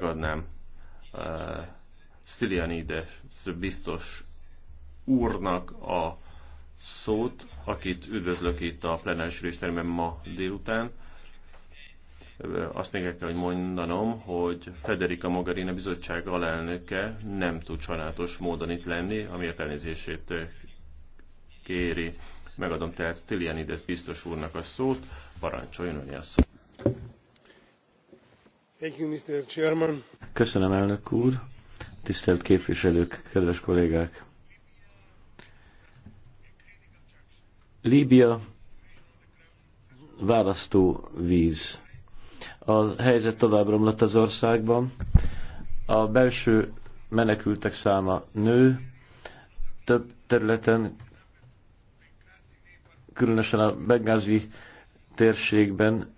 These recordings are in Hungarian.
megadnám uh, Stylianides biztos úrnak a szót, akit üdvözlök itt a plenáris ülésteremben ma délután. Uh, azt még kell, hogy mondanom, hogy Federica Mogherini bizottság alelnöke nem tud sajnálatos módon itt lenni, amiért elnézését uh, kéri. Megadom tehát Stylianides biztos úrnak a szót, parancsoljon önni a szót. Köszönöm, elnök úr. Tisztelt képviselők, kedves kollégák. Líbia választó víz. A helyzet tovább romlott az országban. A belső menekültek száma nő, több területen, különösen a Bengázi térségben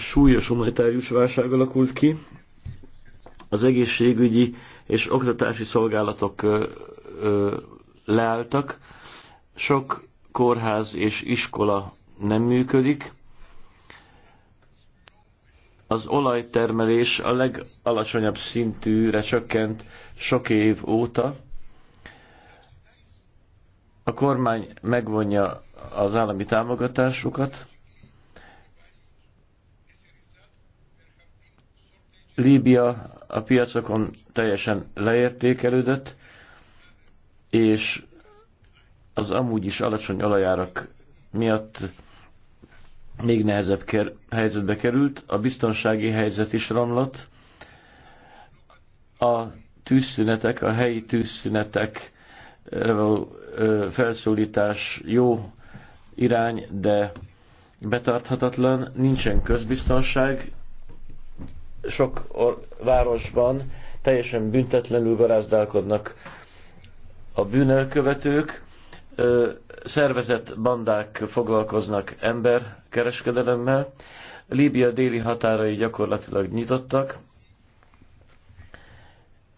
súlyos humanitárius válság alakult ki, az egészségügyi és oktatási szolgálatok ö, ö, leálltak, sok kórház és iskola nem működik, az olajtermelés a legalacsonyabb szintűre csökkent sok év óta. A kormány megvonja az állami támogatásukat, Líbia a piacokon teljesen leértékelődött, és az amúgy is alacsony alajárak miatt még nehezebb ker- helyzetbe került, a biztonsági helyzet is romlott, a tűzszünetek, a helyi tűzszünetek felszólítás jó irány, de betarthatatlan, nincsen közbiztonság, sok városban teljesen büntetlenül garázdálkodnak a bűnelkövetők, szervezett bandák foglalkoznak emberkereskedelemmel, Líbia déli határai gyakorlatilag nyitottak,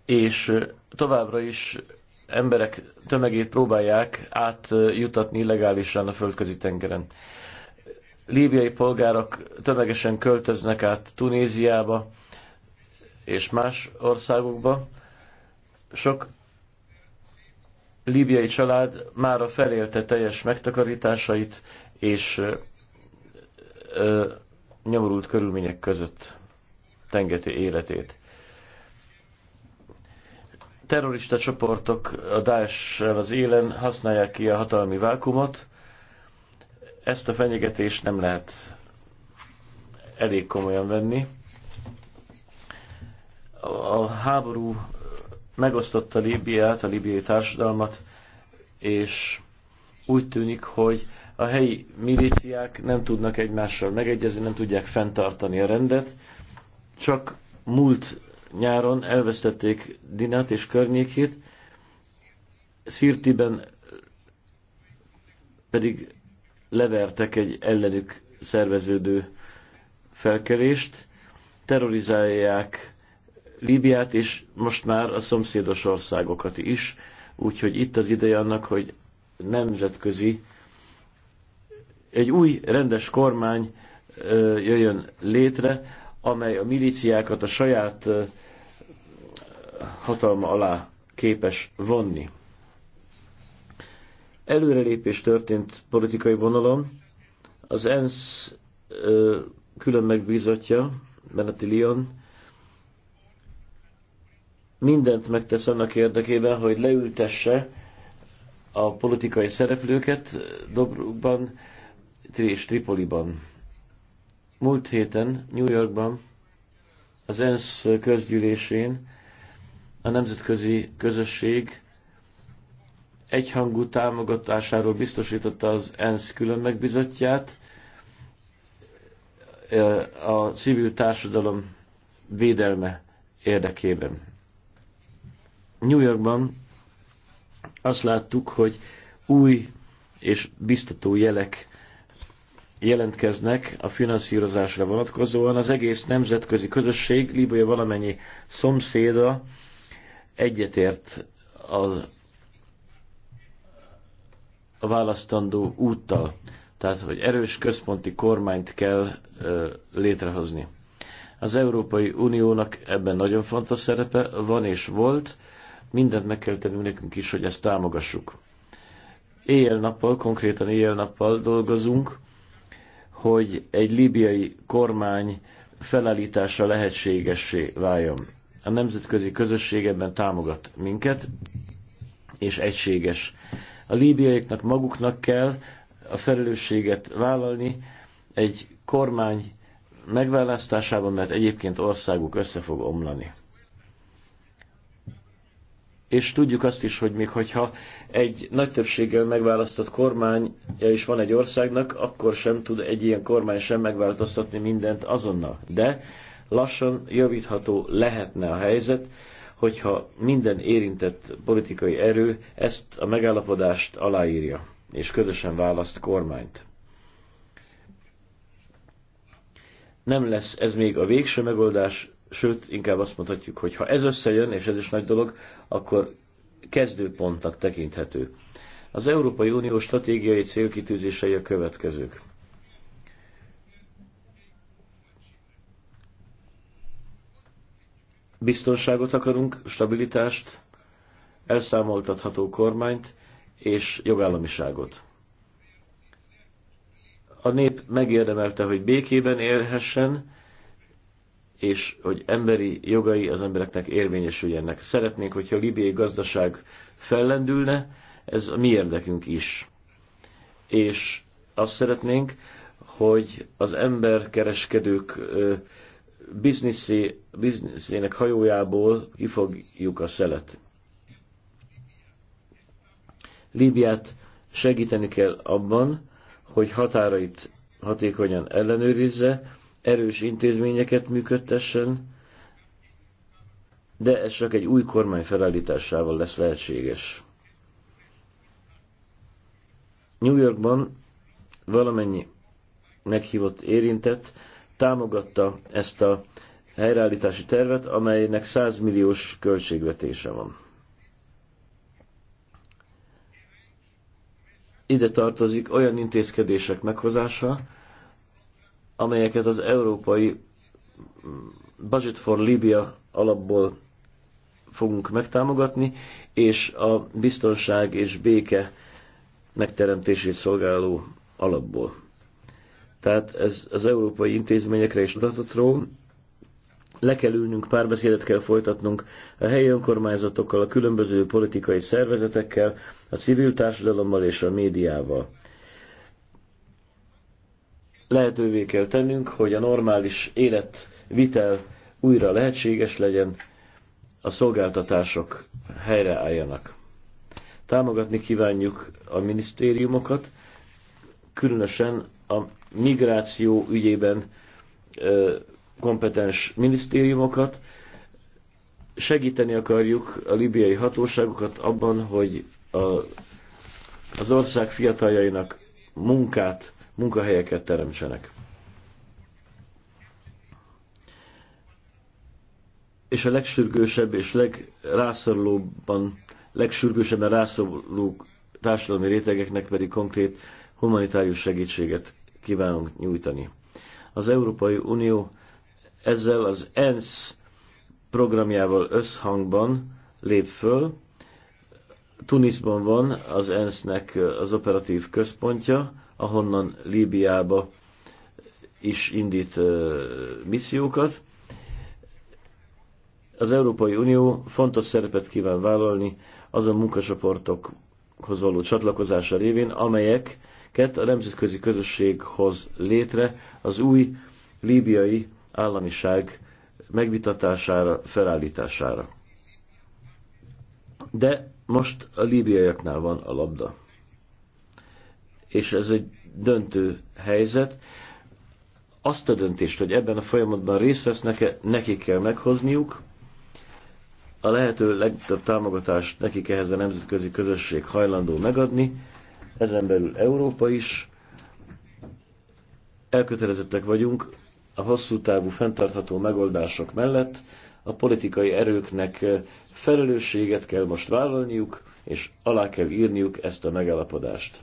és továbbra is emberek tömegét próbálják átjutatni illegálisan a földközi tengeren líbiai polgárok tömegesen költöznek át Tunéziába és más országokba. Sok líbiai család már a felélte teljes megtakarításait, és ö, ö, nyomorult körülmények között tengeti életét. Terrorista csoportok a Daesh-el az élen használják ki a hatalmi vákumot, ezt a fenyegetést nem lehet elég komolyan venni. A háború megosztotta Líbiát, a libiai társadalmat, és úgy tűnik, hogy a helyi milíciák nem tudnak egymással megegyezni, nem tudják fenntartani a rendet. Csak múlt nyáron elvesztették Dinát és környékét, Szirtiben pedig levertek egy ellenük szerveződő felkelést, terrorizálják Líbiát, és most már a szomszédos országokat is, úgyhogy itt az ideje annak, hogy nemzetközi, egy új rendes kormány jöjjön létre, amely a milíciákat a saját hatalma alá képes vonni. Előrelépés történt politikai vonalon. Az ENSZ ö, külön megbízatja, Beneti Lyon, mindent megtesz annak érdekében, hogy leültesse a politikai szereplőket Dobrukban és Tripoliban. Múlt héten New Yorkban az ENSZ közgyűlésén a nemzetközi közösség egyhangú támogatásáról biztosította az ENSZ külön megbizotját, a civil társadalom védelme érdekében. New Yorkban azt láttuk, hogy új és biztató jelek jelentkeznek a finanszírozásra vonatkozóan. Az egész nemzetközi közösség, Líbia valamennyi szomszéda egyetért az a választandó úttal. Tehát, hogy erős központi kormányt kell ö, létrehozni. Az Európai Uniónak ebben nagyon fontos szerepe van és volt, mindent meg kell tennünk nekünk is, hogy ezt támogassuk. Éjjel-nappal, konkrétan éjjel-nappal dolgozunk, hogy egy libiai kormány felállítása lehetségessé váljon. A nemzetközi közösség ebben támogat minket, és egységes a líbiaiaknak maguknak kell a felelősséget vállalni egy kormány megválasztásában, mert egyébként országuk össze fog omlani. És tudjuk azt is, hogy még hogyha egy nagy többséggel megválasztott kormánya is van egy országnak, akkor sem tud egy ilyen kormány sem megváltoztatni mindent azonnal. De lassan javítható lehetne a helyzet, hogyha minden érintett politikai erő ezt a megállapodást aláírja, és közösen választ kormányt. Nem lesz ez még a végső megoldás, sőt, inkább azt mondhatjuk, hogy ha ez összejön, és ez is nagy dolog, akkor kezdőpontnak tekinthető. Az Európai Unió stratégiai célkitűzései a következők. Biztonságot akarunk, stabilitást, elszámoltatható kormányt és jogállamiságot. A nép megérdemelte, hogy békében élhessen, és hogy emberi jogai az embereknek érvényesüljenek. Szeretnénk, hogyha a libiai gazdaság fellendülne, ez a mi érdekünk is. És azt szeretnénk, hogy az emberkereskedők bizniszé, bizniszének hajójából kifogjuk a szelet. Líbiát segíteni kell abban, hogy határait hatékonyan ellenőrizze, erős intézményeket működtessen, de ez csak egy új kormány felállításával lesz lehetséges. New Yorkban valamennyi meghívott érintett támogatta ezt a helyreállítási tervet, amelynek 100 milliós költségvetése van. Ide tartozik olyan intézkedések meghozása, amelyeket az európai Budget for Libya alapból fogunk megtámogatni, és a biztonság és béke megteremtését szolgáló alapból. Tehát ez az európai intézményekre is adatot ró. Le kell ülnünk, párbeszédet kell folytatnunk a helyi önkormányzatokkal, a különböző politikai szervezetekkel, a civil társadalommal és a médiával. Lehetővé kell tennünk, hogy a normális életvitel újra lehetséges legyen, a szolgáltatások helyreálljanak. Támogatni kívánjuk a minisztériumokat, különösen a migráció ügyében kompetens minisztériumokat, segíteni akarjuk a libiai hatóságokat abban, hogy a, az ország fiataljainak munkát, munkahelyeket teremtsenek. És a legsürgősebb és legrászorulóban, legsürgősebben rászoruló társadalmi rétegeknek pedig konkrét humanitárius segítséget kívánunk nyújtani. Az Európai Unió ezzel az ENSZ programjával összhangban lép föl. Tunisban van az ENSZ-nek az operatív központja, ahonnan Líbiába is indít missziókat. Az Európai Unió fontos szerepet kíván vállalni azon munkacsoportokhoz való csatlakozása révén, amelyek a nemzetközi közösség hoz létre az új líbiai államiság megvitatására, felállítására. De most a líbiaiaknál van a labda. És ez egy döntő helyzet. Azt a döntést, hogy ebben a folyamatban részt vesznek, nekik kell meghozniuk. A lehető legtöbb támogatást nekik ehhez a nemzetközi közösség hajlandó megadni, ezen belül Európa is. Elkötelezettek vagyunk a hosszú távú fenntartható megoldások mellett, a politikai erőknek eh, felelősséget kell most vállalniuk, és alá kell írniuk ezt a megállapodást.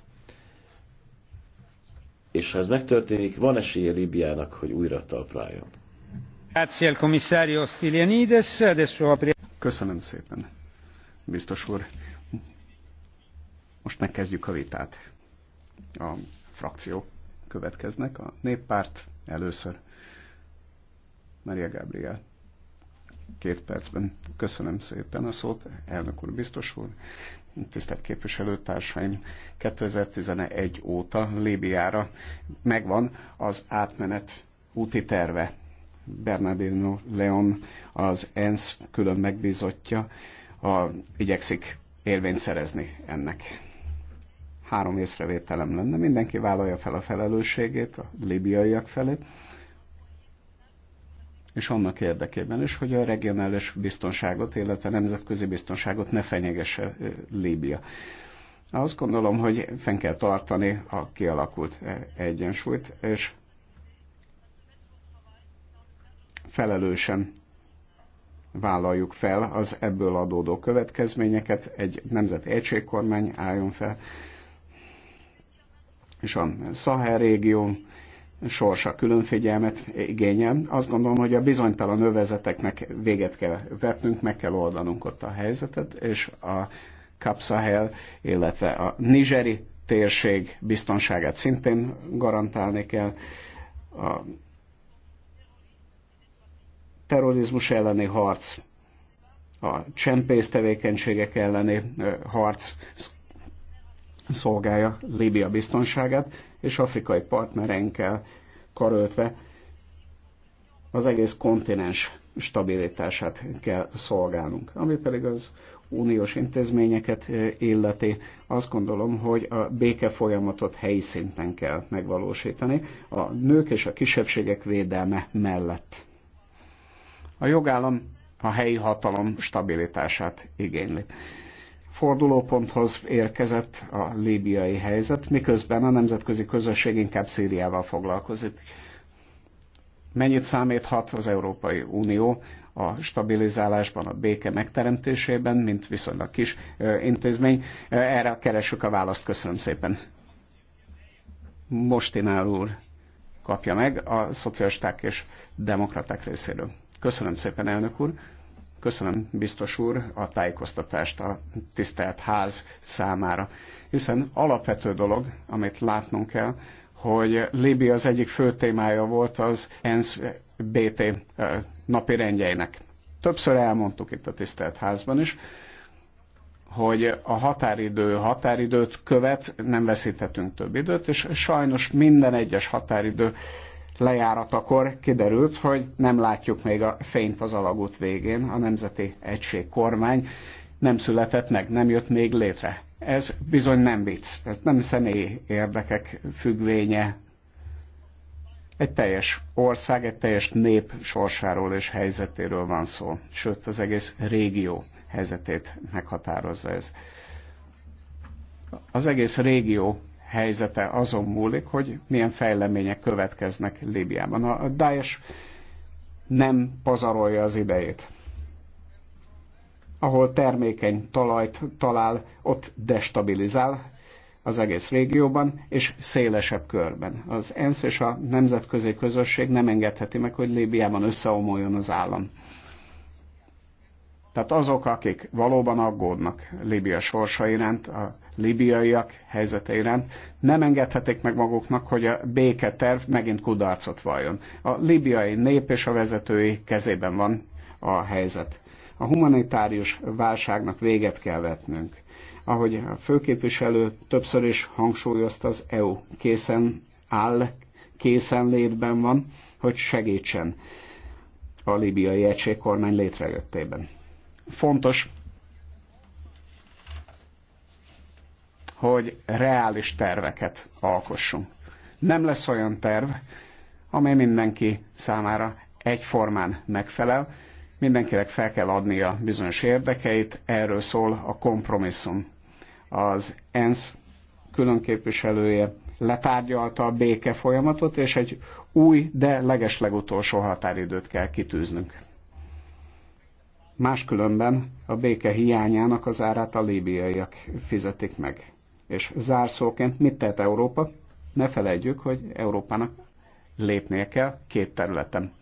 És ha ez megtörténik, van esélye Libyának, hogy újra talpráljon. Köszönöm szépen, biztos úr. Most megkezdjük a vitát. A frakciók következnek. A néppárt először. Maria Gabriel. Két percben. Köszönöm szépen a szót, elnök úr, biztos úr. Tisztelt képviselőtársaim, 2011 óta Líbiára megvan az átmenet úti terve. Bernardino Leon, az ENSZ külön megbízottja, a, igyekszik érvényt szerezni ennek. Három észrevételem lenne, mindenki vállalja fel a felelősségét a libiaiak felé, és annak érdekében is, hogy a regionális biztonságot, illetve nemzetközi biztonságot ne fenyegesse Líbia. Azt gondolom, hogy fenn kell tartani a kialakult egyensúlyt, és felelősen vállaljuk fel az ebből adódó következményeket, egy nemzet egységkormány álljon fel, és a Szahel régió sorsa külön figyelmet igényel. Azt gondolom, hogy a bizonytalan övezeteknek véget kell vetnünk, meg kell oldanunk ott a helyzetet, és a Kapszahel, illetve a nigeri térség biztonságát szintén garantálni kell. A terrorizmus elleni harc, a csempész tevékenységek elleni harc szolgálja Líbia biztonságát, és afrikai partnereinkkel karöltve az egész kontinens stabilitását kell szolgálnunk. Ami pedig az uniós intézményeket eh, illeti, azt gondolom, hogy a béke folyamatot helyi szinten kell megvalósítani, a nők és a kisebbségek védelme mellett. A jogállam a helyi hatalom stabilitását igényli fordulóponthoz érkezett a líbiai helyzet, miközben a nemzetközi közösség inkább Szíriával foglalkozik. Mennyit számíthat az Európai Unió a stabilizálásban, a béke megteremtésében, mint viszonylag kis intézmény? Erre keressük a választ. Köszönöm szépen. Mostinál úr kapja meg a szocialisták és demokraták részéről. Köszönöm szépen, elnök úr. Köszönöm, biztos úr, a tájékoztatást a tisztelt ház számára. Hiszen alapvető dolog, amit látnunk kell, hogy Libia az egyik fő témája volt az ENSZ BT eh, napi rendjeinek. Többször elmondtuk itt a tisztelt házban is, hogy a határidő határidőt követ, nem veszíthetünk több időt, és sajnos minden egyes határidő lejáratakor kiderült, hogy nem látjuk még a fényt az alagút végén, a Nemzeti Egység kormány nem született meg, nem jött még létre. Ez bizony nem vicc, ez nem személyi érdekek függvénye. Egy teljes ország, egy teljes nép sorsáról és helyzetéről van szó, sőt az egész régió helyzetét meghatározza ez. Az egész régió helyzete azon múlik, hogy milyen fejlemények következnek Líbiában. A Daesh nem pazarolja az idejét. Ahol termékeny talajt talál, ott destabilizál az egész régióban, és szélesebb körben. Az ENSZ és a nemzetközi közösség nem engedheti meg, hogy Líbiában összeomoljon az állam. Tehát azok, akik valóban aggódnak Libia sorsa iránt, a libiaiak helyzete iránt, nem engedhetik meg maguknak, hogy a béketerv megint kudarcot valljon. A libiai nép és a vezetői kezében van a helyzet. A humanitárius válságnak véget kell vetnünk. Ahogy a főképviselő többször is hangsúlyozta, az EU készen áll, készen létben van, hogy segítsen a libiai egységkormány létrejöttében Fontos, hogy reális terveket alkossunk. Nem lesz olyan terv, amely mindenki számára egyformán megfelel, mindenkinek fel kell adnia bizonyos érdekeit, erről szól a kompromisszum. Az ENSZ különképviselője letárgyalta a béke folyamatot, és egy új, de legeslegutolsó határidőt kell kitűznünk. Máskülönben a béke hiányának az árát a líbiaiak fizetik meg. És zárszóként mit tett Európa? Ne felejtjük, hogy Európának lépnie kell két területen.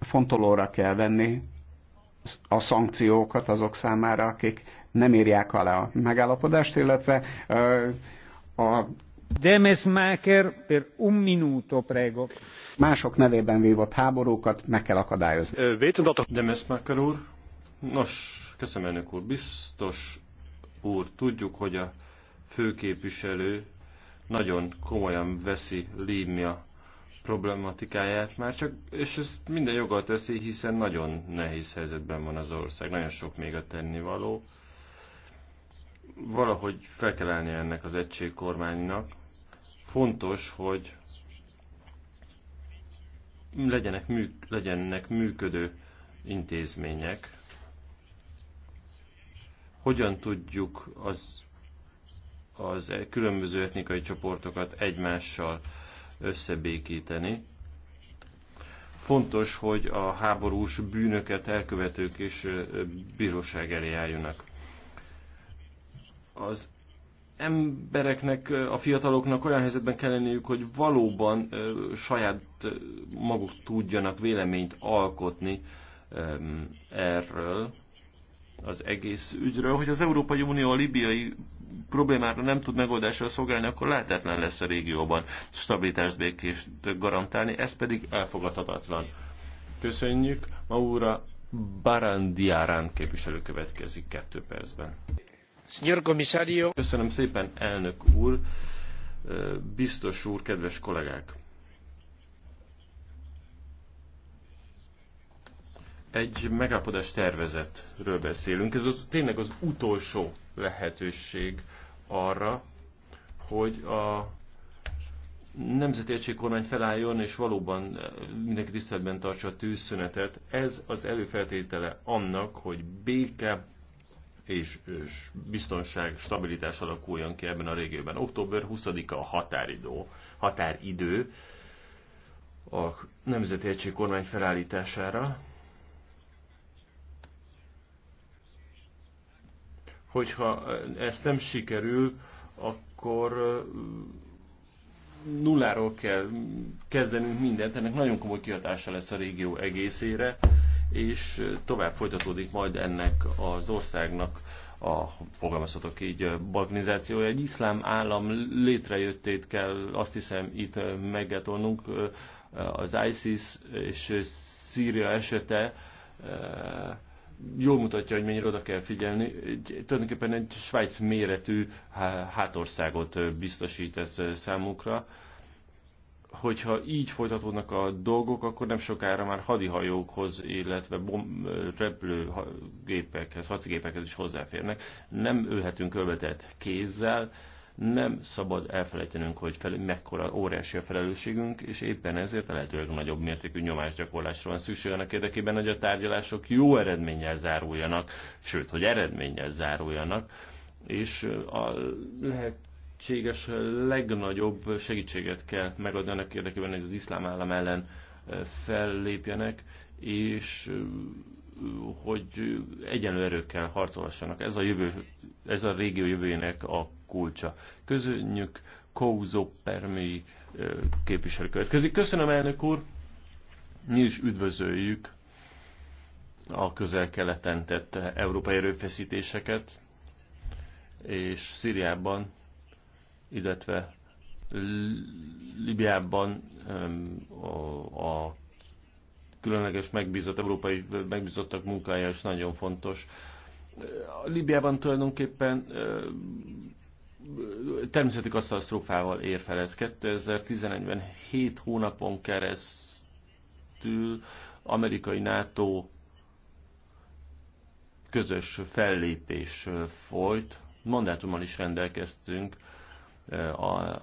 Fontolóra kell venni a szankciókat azok számára, akik nem írják alá a megállapodást, illetve a... Demesmaker per un minuto, prego mások nevében vívott háborúkat meg kell akadályozni. Demeszmaker úr, nos, köszönöm elnök úr, biztos úr, tudjuk, hogy a főképviselő nagyon komolyan veszi Límia problematikáját már csak, és ezt minden joggal teszi, hiszen nagyon nehéz helyzetben van az ország, nagyon sok még a tennivaló. Valahogy fel kell állni ennek az egységkormánynak. Fontos, hogy legyenek, műk, legyenek működő intézmények, hogyan tudjuk az, az e különböző etnikai csoportokat egymással összebékíteni. Fontos, hogy a háborús bűnöket elkövetők és bíróság elé álljanak. Az embereknek, a fiataloknak olyan helyzetben kell lenniük, hogy valóban saját maguk tudjanak véleményt alkotni erről az egész ügyről, hogy az Európai Unió a libiai problémára nem tud megoldással szolgálni, akkor lehetetlen lesz a régióban stabilitást, békést garantálni, ez pedig elfogadhatatlan. Köszönjük. Maura Barandiárán képviselő következik kettő percben. Köszönöm szépen, elnök úr, biztos úr, kedves kollégák. Egy megállapodás tervezetről beszélünk. Ez az, tényleg az utolsó lehetőség arra, hogy a nemzeti egységkormány felálljon, és valóban mindenki tiszteletben tartsa a tűzszünetet. Ez az előfeltétele annak, hogy béke, és biztonság, stabilitás alakuljon ki ebben a régióban. Október 20-a a határidő, határidő a Nemzeti Egység kormány felállítására, hogyha ez nem sikerül, akkor nulláról kell kezdenünk mindent, ennek nagyon komoly kihatása lesz a régió egészére, és tovább folytatódik majd ennek az országnak a, fogalmazhatok így, balkanizációja. Egy iszlám állam létrejöttét kell azt hiszem itt meggetolnunk. Az ISIS és Szíria esete eh, jól mutatja, hogy mennyire oda kell figyelni. Egy, tulajdonképpen egy Svájc méretű hátországot biztosít ez eh, számukra hogyha így folytatódnak a dolgok, akkor nem sokára már hadihajókhoz, illetve bom, repülőgépekhez, hadigépekhez is hozzáférnek. Nem ölhetünk követett kézzel, nem szabad elfelejtenünk, hogy fel, mekkora óriási a felelősségünk, és éppen ezért a lehető legnagyobb mértékű nyomásgyakorlásra van szükség annak érdekében, hogy a tárgyalások jó eredménnyel záruljanak, sőt, hogy eredménnyel záruljanak, és a lehet lehetséges legnagyobb segítséget kell megadni annak érdekében, hogy az iszlám állam ellen fellépjenek, és hogy egyenlő erőkkel harcolhassanak. Ez a, jövő, ez a régió jövőjének a kulcsa. Közönjük Kózó Permi képviselő következik. Köszönöm, elnök úr! Mi is üdvözöljük a közel-keleten tett európai erőfeszítéseket, és Szíriában illetve Libiában a, a különleges megbízott, európai megbízottak munkája is nagyon fontos. A Libiában tulajdonképpen természeti katasztrófával ér fel ez. 2011-ben 7 hónapon keresztül amerikai NATO közös fellépés folyt, mandátummal is rendelkeztünk, Eh,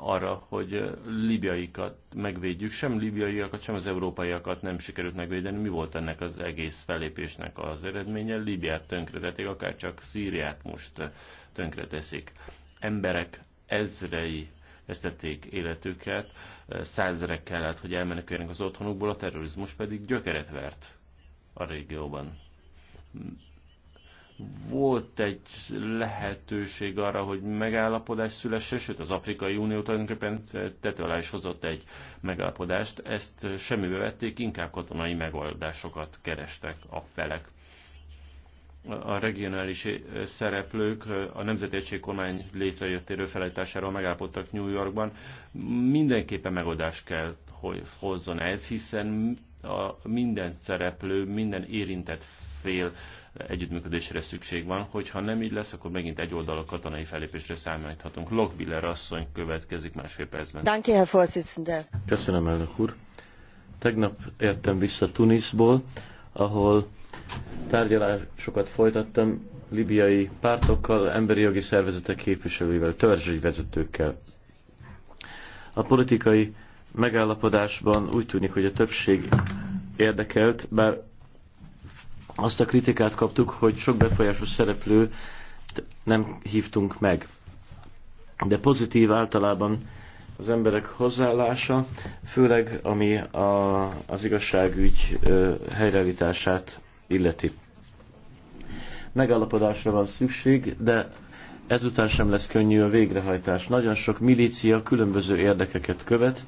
arra, hogy eh, libiaikat megvédjük, sem libiaiakat, sem az európaiakat nem sikerült megvédeni. Mi volt ennek az egész felépésnek az eredménye? Libiát tönkretették, akár csak Szíriát most eh, tönkreteszik. Emberek ezrei vesztették életüket, százerek kellett, hogy elmeneküljenek az otthonukból, a terrorizmus pedig gyökeret vert a régióban volt egy lehetőség arra, hogy megállapodás szülesse, sőt az Afrikai Unió tulajdonképpen tető alá is hozott egy megállapodást. Ezt semmibe vették, inkább katonai megoldásokat kerestek a felek. A regionális szereplők a Nemzeti Egység kormány létrejöttéről felejtásáról megállapodtak New Yorkban. Mindenképpen megoldást kell, hogy hozzon ez, hiszen a minden szereplő, minden érintett fél együttműködésre szükség van. Hogyha nem így lesz, akkor megint egy oldal a katonai felépésre számíthatunk. Lockbiller asszony következik másfél percben. Danke, Herr Vorsitzender. Köszönöm, elnök úr. Tegnap értem vissza Tunisból, ahol tárgyalásokat folytattam libiai pártokkal, emberi jogi szervezetek képviselőivel, törzsi vezetőkkel. A politikai megállapodásban úgy tűnik, hogy a többség érdekelt, bár azt a kritikát kaptuk, hogy sok befolyásos szereplő nem hívtunk meg. De pozitív általában az emberek hozzáállása, főleg ami a, az igazságügy ö, helyreállítását illeti. Megállapodásra van szükség, de ezután sem lesz könnyű a végrehajtás. Nagyon sok milícia különböző érdekeket követ,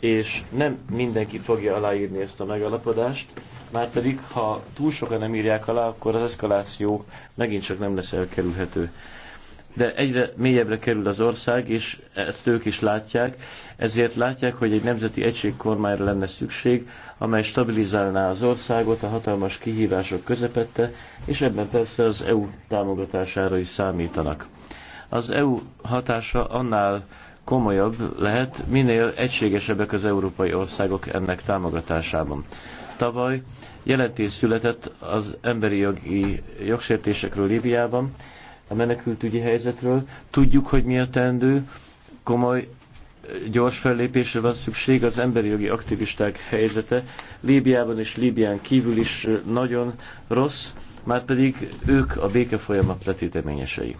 és nem mindenki fogja aláírni ezt a megállapodást, Márpedig, ha túl sokan nem írják alá, akkor az eszkaláció megint csak nem lesz elkerülhető. De egyre mélyebbre kerül az ország, és ezt ők is látják, ezért látják, hogy egy nemzeti egységkormányra lenne szükség, amely stabilizálná az országot a hatalmas kihívások közepette, és ebben persze az EU támogatására is számítanak. Az EU hatása annál komolyabb lehet, minél egységesebbek az európai országok ennek támogatásában. Tavaly jelentés született az emberi jogi jogsértésekről Líbiában, a menekültügyi helyzetről. Tudjuk, hogy mi a teendő, komoly gyors fellépésre van szükség, az emberi jogi aktivisták helyzete Líbiában és Líbián kívül is nagyon rossz, pedig ők a béke folyamat letéteményesei.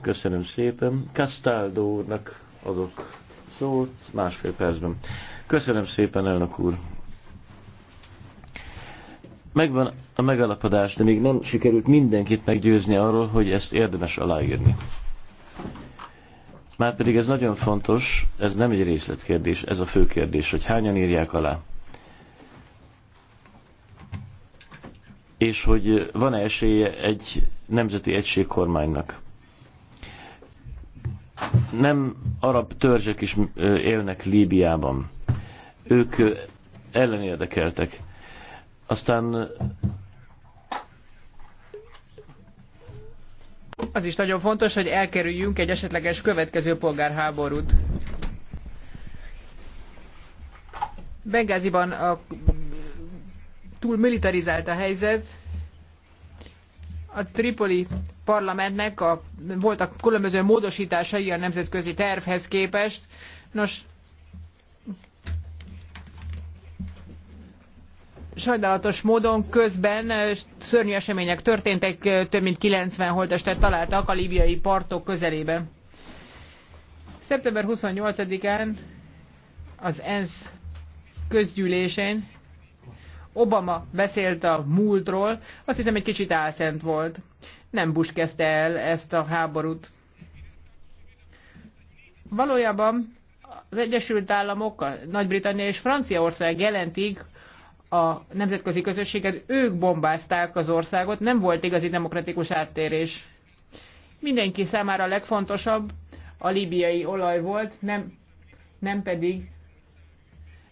Köszönöm szépen. Castaldo úrnak adok szót másfél percben. Köszönöm szépen, elnök úr megvan a megalapodás, de még nem sikerült mindenkit meggyőzni arról, hogy ezt érdemes aláírni. Márpedig ez nagyon fontos, ez nem egy részletkérdés, ez a fő kérdés, hogy hányan írják alá. És hogy van-e esélye egy nemzeti egységkormánynak. Nem arab törzsek is élnek Líbiában. Ők ellenérdekeltek aztán az is nagyon fontos, hogy elkerüljünk egy esetleges következő polgárháborút. Bengáziban a, túl militarizált a helyzet. A Tripoli parlamentnek a, voltak különböző módosításai a nemzetközi tervhez képest. Nos, sajnálatos módon közben szörnyű események történtek, több mint 90 holtestet találtak a libiai partok közelében Szeptember 28-án az ENSZ közgyűlésén Obama beszélt a múltról, azt hiszem egy kicsit álszent volt. Nem Bush kezdte el ezt a háborút. Valójában az Egyesült Államok, Nagy-Britannia és Franciaország jelentik a nemzetközi közösséget, ők bombázták az országot, nem volt igazi demokratikus áttérés. Mindenki számára a legfontosabb a libiai olaj volt, nem, nem pedig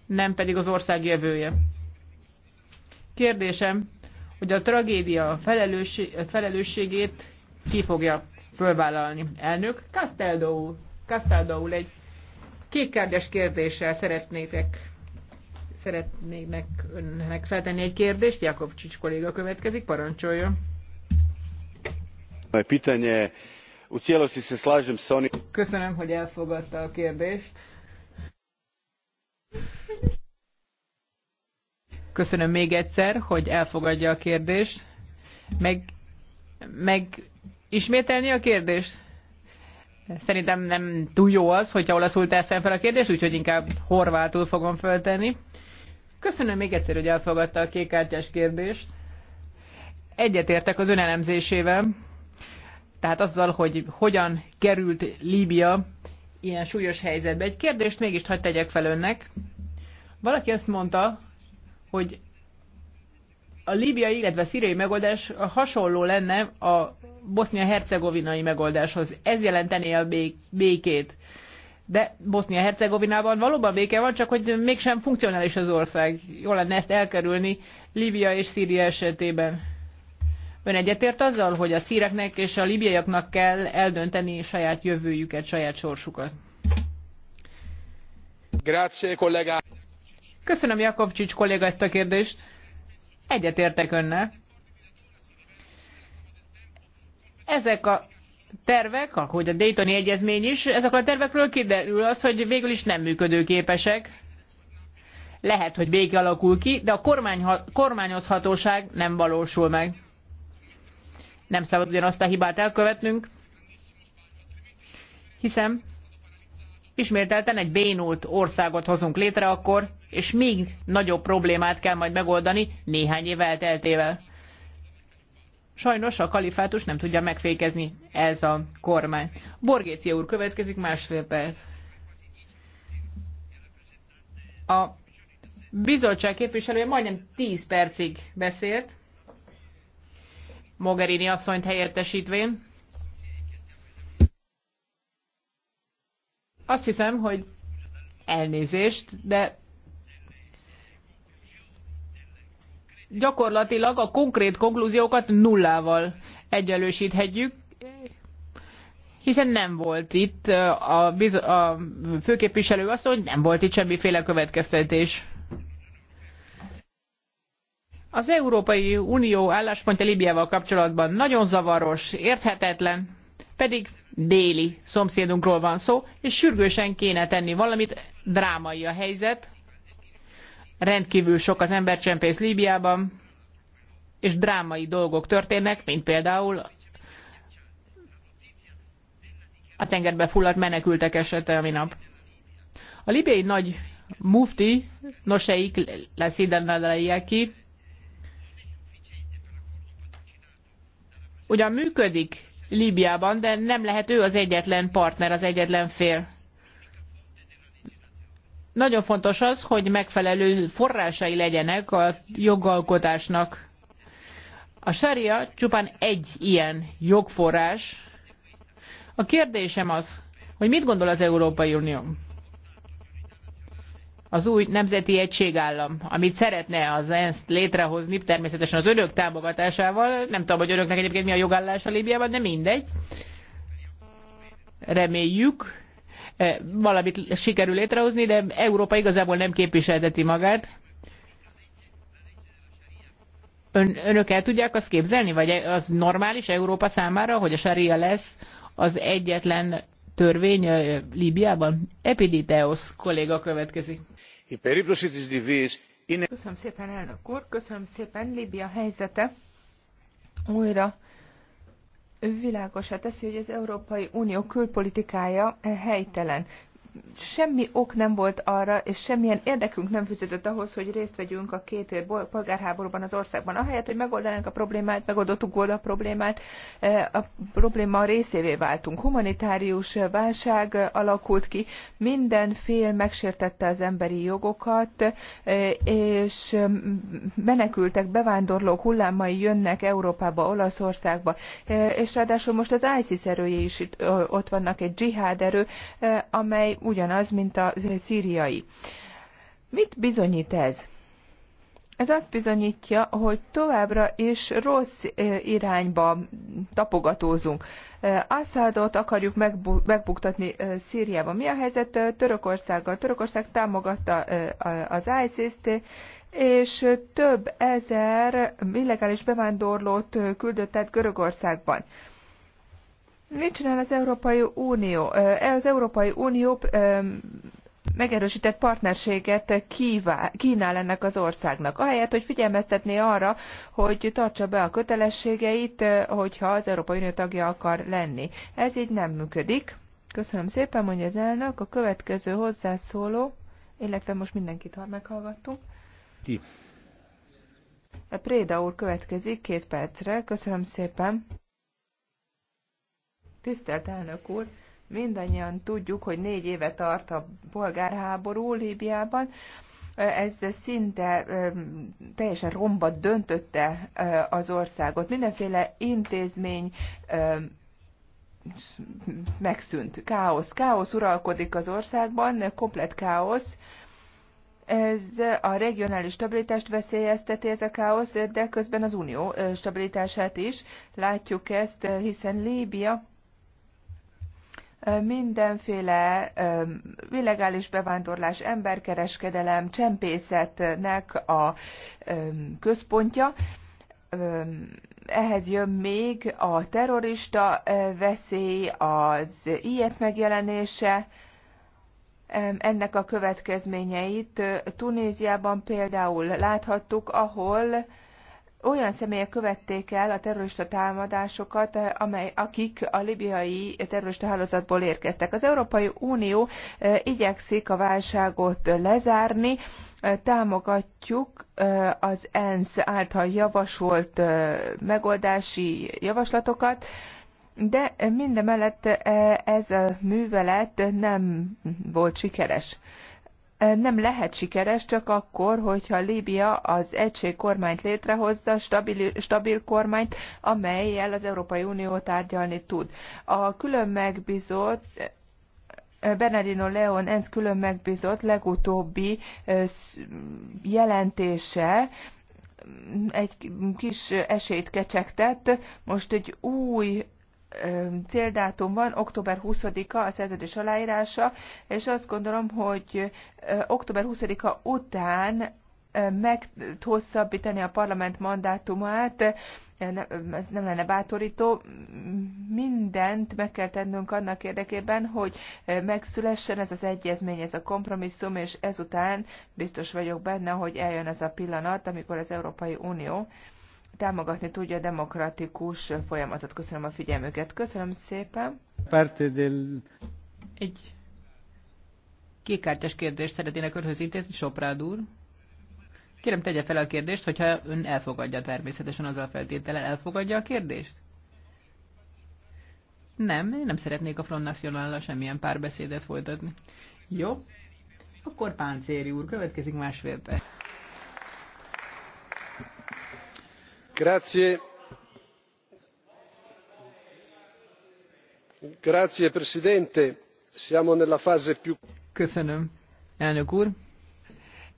nem pedig az ország jövője. Kérdésem, hogy a tragédia felelősség, felelősségét ki fogja fölvállalni. Elnök, Castaldo úr, egy kékkárgyas kérdéssel szeretnétek Szeretnék önnek feltenni egy kérdést. Jakob Csics kolléga következik, Parancsolja. Köszönöm, hogy elfogadta a kérdést. Köszönöm még egyszer, hogy elfogadja a kérdést. Meg, meg ismételni a kérdést? Szerintem nem túl jó az, hogyha olaszul teszem fel a kérdést, úgyhogy inkább horvátul fogom föltenni. Köszönöm még egyszer, hogy elfogadta a kékkártyás kérdést. Egyetértek az önelemzésével, tehát azzal, hogy hogyan került Líbia ilyen súlyos helyzetbe. Egy kérdést mégis hagyd tegyek fel önnek. Valaki azt mondta, hogy a líbiai, illetve szíriai megoldás hasonló lenne a bosznia-hercegovinai megoldáshoz. Ez jelentené a békét de Bosznia-Hercegovinában valóban béke van, csak hogy mégsem funkcionális az ország. Jól lenne ezt elkerülni Líbia és Szíria esetében. Ön egyetért azzal, hogy a szíreknek és a libiaiaknak kell eldönteni saját jövőjüket, saját sorsukat? Grazie, kollégá. Köszönöm, Jakovcsics kolléga, ezt a kérdést. Egyetértek önnel. Ezek a tervek, ahogy a Daytoni Egyezmény is, ezek a tervekről kiderül az, hogy végül is nem működőképesek. Lehet, hogy béke alakul ki, de a kormányha- kormányozhatóság nem valósul meg. Nem szabad ugyanazt a hibát elkövetnünk, hiszen ismételten egy bénult országot hozunk létre akkor, és még nagyobb problémát kell majd megoldani néhány év elteltével. Sajnos a kalifátus nem tudja megfékezni ez a kormány. Borgécia úr következik másfél perc. A bizottság képviselője majdnem 10 percig beszélt, Mogherini asszonyt helyettesítvén. Azt hiszem, hogy elnézést, de gyakorlatilag a konkrét konklúziókat nullával egyenlősíthetjük, hiszen nem volt itt a, biz- a főképviselő asszony, nem volt itt semmiféle következtetés. Az Európai Unió álláspontja Libiával kapcsolatban nagyon zavaros, érthetetlen, pedig déli szomszédunkról van szó, és sürgősen kéne tenni valamit, drámai a helyzet, rendkívül sok az embercsempész Líbiában, és drámai dolgok történnek, mint például a tengerbe fulladt menekültek esete a minap. A libiai nagy mufti, Noseik Lesidanadaiaki, ugyan működik Líbiában, de nem lehet ő az egyetlen partner, az egyetlen fél. Nagyon fontos az, hogy megfelelő forrásai legyenek a jogalkotásnak. A sária csupán egy ilyen jogforrás. A kérdésem az, hogy mit gondol az Európai Unió? az új nemzeti egységállam, amit szeretne az ENSZ létrehozni, természetesen az önök támogatásával. Nem tudom, hogy önöknek egyébként mi a jogállás a Líbiában, de mindegy. Reméljük, valamit sikerül létrehozni, de Európa igazából nem képviselteti magát. Ön, önök el tudják azt képzelni, vagy az normális Európa számára, hogy a saria lesz az egyetlen törvény Líbiában? Epiditeos kolléga következik. Köszönöm szépen, elnök úr, köszönöm szépen. Líbia helyzete újra világosá teszi, hogy az Európai Unió külpolitikája helytelen semmi ok nem volt arra, és semmilyen érdekünk nem fűződött ahhoz, hogy részt vegyünk a két polgárháborúban az országban. Ahelyett, hogy megoldanánk a problémát, megoldottuk volna a problémát, eh, a probléma részévé váltunk. Humanitárius válság alakult ki, minden fél megsértette az emberi jogokat, eh, és menekültek, bevándorlók hullámai jönnek Európába, Olaszországba, eh, és ráadásul most az ISIS erői is ott vannak, egy dzsihád erő, amely ugyanaz, mint a szíriai. Mit bizonyít ez? Ez azt bizonyítja, hogy továbbra is rossz eh, irányba tapogatózunk. Eh, Assadot akarjuk megbuktatni eh, Szíriában. Mi a helyzet Törökországgal? Törökország támogatta az ISIS-t, és több ezer illegális bevándorlót küldött át Görögországban. Mit csinál az Európai Unió? Az Európai Unió megerősített partnerséget kíván, kínál ennek az országnak. Ahelyett, hogy figyelmeztetné arra, hogy tartsa be a kötelességeit, hogyha az Európai Unió tagja akar lenni. Ez így nem működik. Köszönöm szépen, mondja az elnök. A következő hozzászóló, illetve most mindenkit ha meghallgattunk. Ti. A Préda úr következik két percre. Köszönöm szépen. Tisztelt elnök úr, mindannyian tudjuk, hogy négy éve tart a polgárháború Líbiában. Ez szinte teljesen romba döntötte az országot. Mindenféle intézmény megszűnt. Káosz. Káosz uralkodik az országban, komplet káosz. Ez a regionális stabilitást veszélyezteti ez a káosz, de közben az unió stabilitását is. Látjuk ezt, hiszen Líbia mindenféle illegális bevándorlás, emberkereskedelem, csempészetnek a központja. Ehhez jön még a terrorista veszély, az IS megjelenése, ennek a következményeit Tunéziában például láthattuk, ahol olyan személyek követték el a terrorista támadásokat, eh, amely, akik a libiai terrorista hálózatból érkeztek. Az Európai Unió eh, igyekszik a válságot lezárni, eh, támogatjuk az ENSZ által javasolt megoldási javaslatokat, de mindemellett ez a művelet nem volt sikeres nem lehet sikeres csak akkor, hogyha Líbia az egység kormányt létrehozza, stabil, stabil kormányt, amelyel az Európai Unió tárgyalni tud. A külön megbízott Bernardino Leon ENSZ külön megbízott legutóbbi jelentése mm, egy kis esélyt kecsegtett. Most egy új céldátum van, október 20-a a szerződés aláírása, és azt gondolom, hogy október 20-a után meghosszabbítani a parlament mandátumát, ez nem lenne bátorító, mindent meg kell tennünk annak érdekében, hogy megszülessen ez az egyezmény, ez a kompromisszum, és ezután biztos vagyok benne, hogy eljön ez a pillanat, amikor az Európai Unió támogatni tudja a demokratikus folyamatot. Köszönöm a figyelmüket. Köszönöm szépen. Egy kékkártyás kérdést szeretnének önhöz intézni, Soprád úr. Kérem, tegye fel a kérdést, hogyha ön elfogadja természetesen az a feltétele, elfogadja a kérdést? Nem, én nem szeretnék a Front national semmilyen párbeszédet folytatni. Jó, akkor Páncéri úr, következik másfél perc. presidente köszönöm elnök úr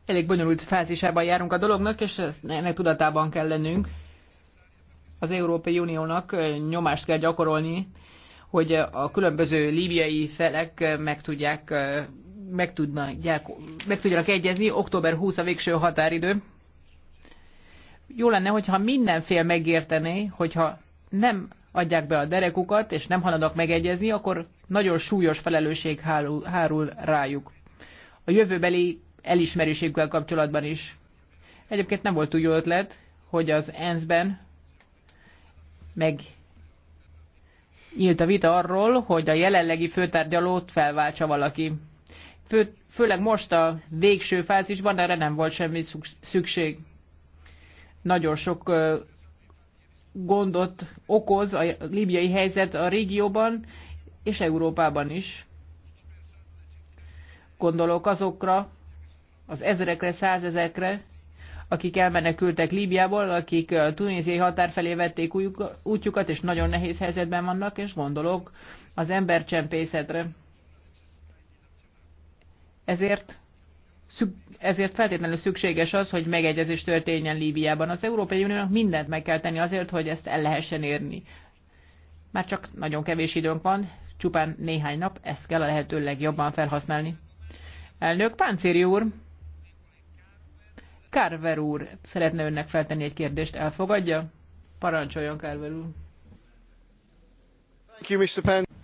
elég bonyolult fázisában járunk a dolognak és ennek tudatában kell lennünk. az európai uniónak nyomást kell gyakorolni hogy a különböző líbiai felek meg tudják meg, tudnak, meg tudjanak egyezni. Október 20 a végső határidő jó lenne, hogyha mindenfél megértené, hogyha nem adják be a derekukat, és nem haladnak megegyezni, akkor nagyon súlyos felelősség hárul, hárul rájuk. A jövőbeli elismerésükkel kapcsolatban is. Egyébként nem volt úgy jó ötlet, hogy az ENSZ-ben meg nyílt a vita arról, hogy a jelenlegi főtárgyalót felváltsa valaki. Fő, főleg most a végső fázisban erre nem volt semmi szükség nagyon sok gondot okoz a libiai helyzet a régióban és Európában is. Gondolok azokra, az ezrekre, százezekre, akik elmenekültek Líbiából, akik a tunéziai határ felé vették útjukat, és nagyon nehéz helyzetben vannak, és gondolok az embercsempészetre. Ezért szük, ezért feltétlenül szükséges az, hogy megegyezés történjen Líbiában. Az Európai Uniónak mindent meg kell tenni azért, hogy ezt el lehessen érni. Már csak nagyon kevés időnk van, csupán néhány nap, ezt kell a lehető legjobban felhasználni. Elnök Páncéri úr, Carver úr szeretne önnek feltenni egy kérdést, elfogadja? Parancsoljon, Carver úr.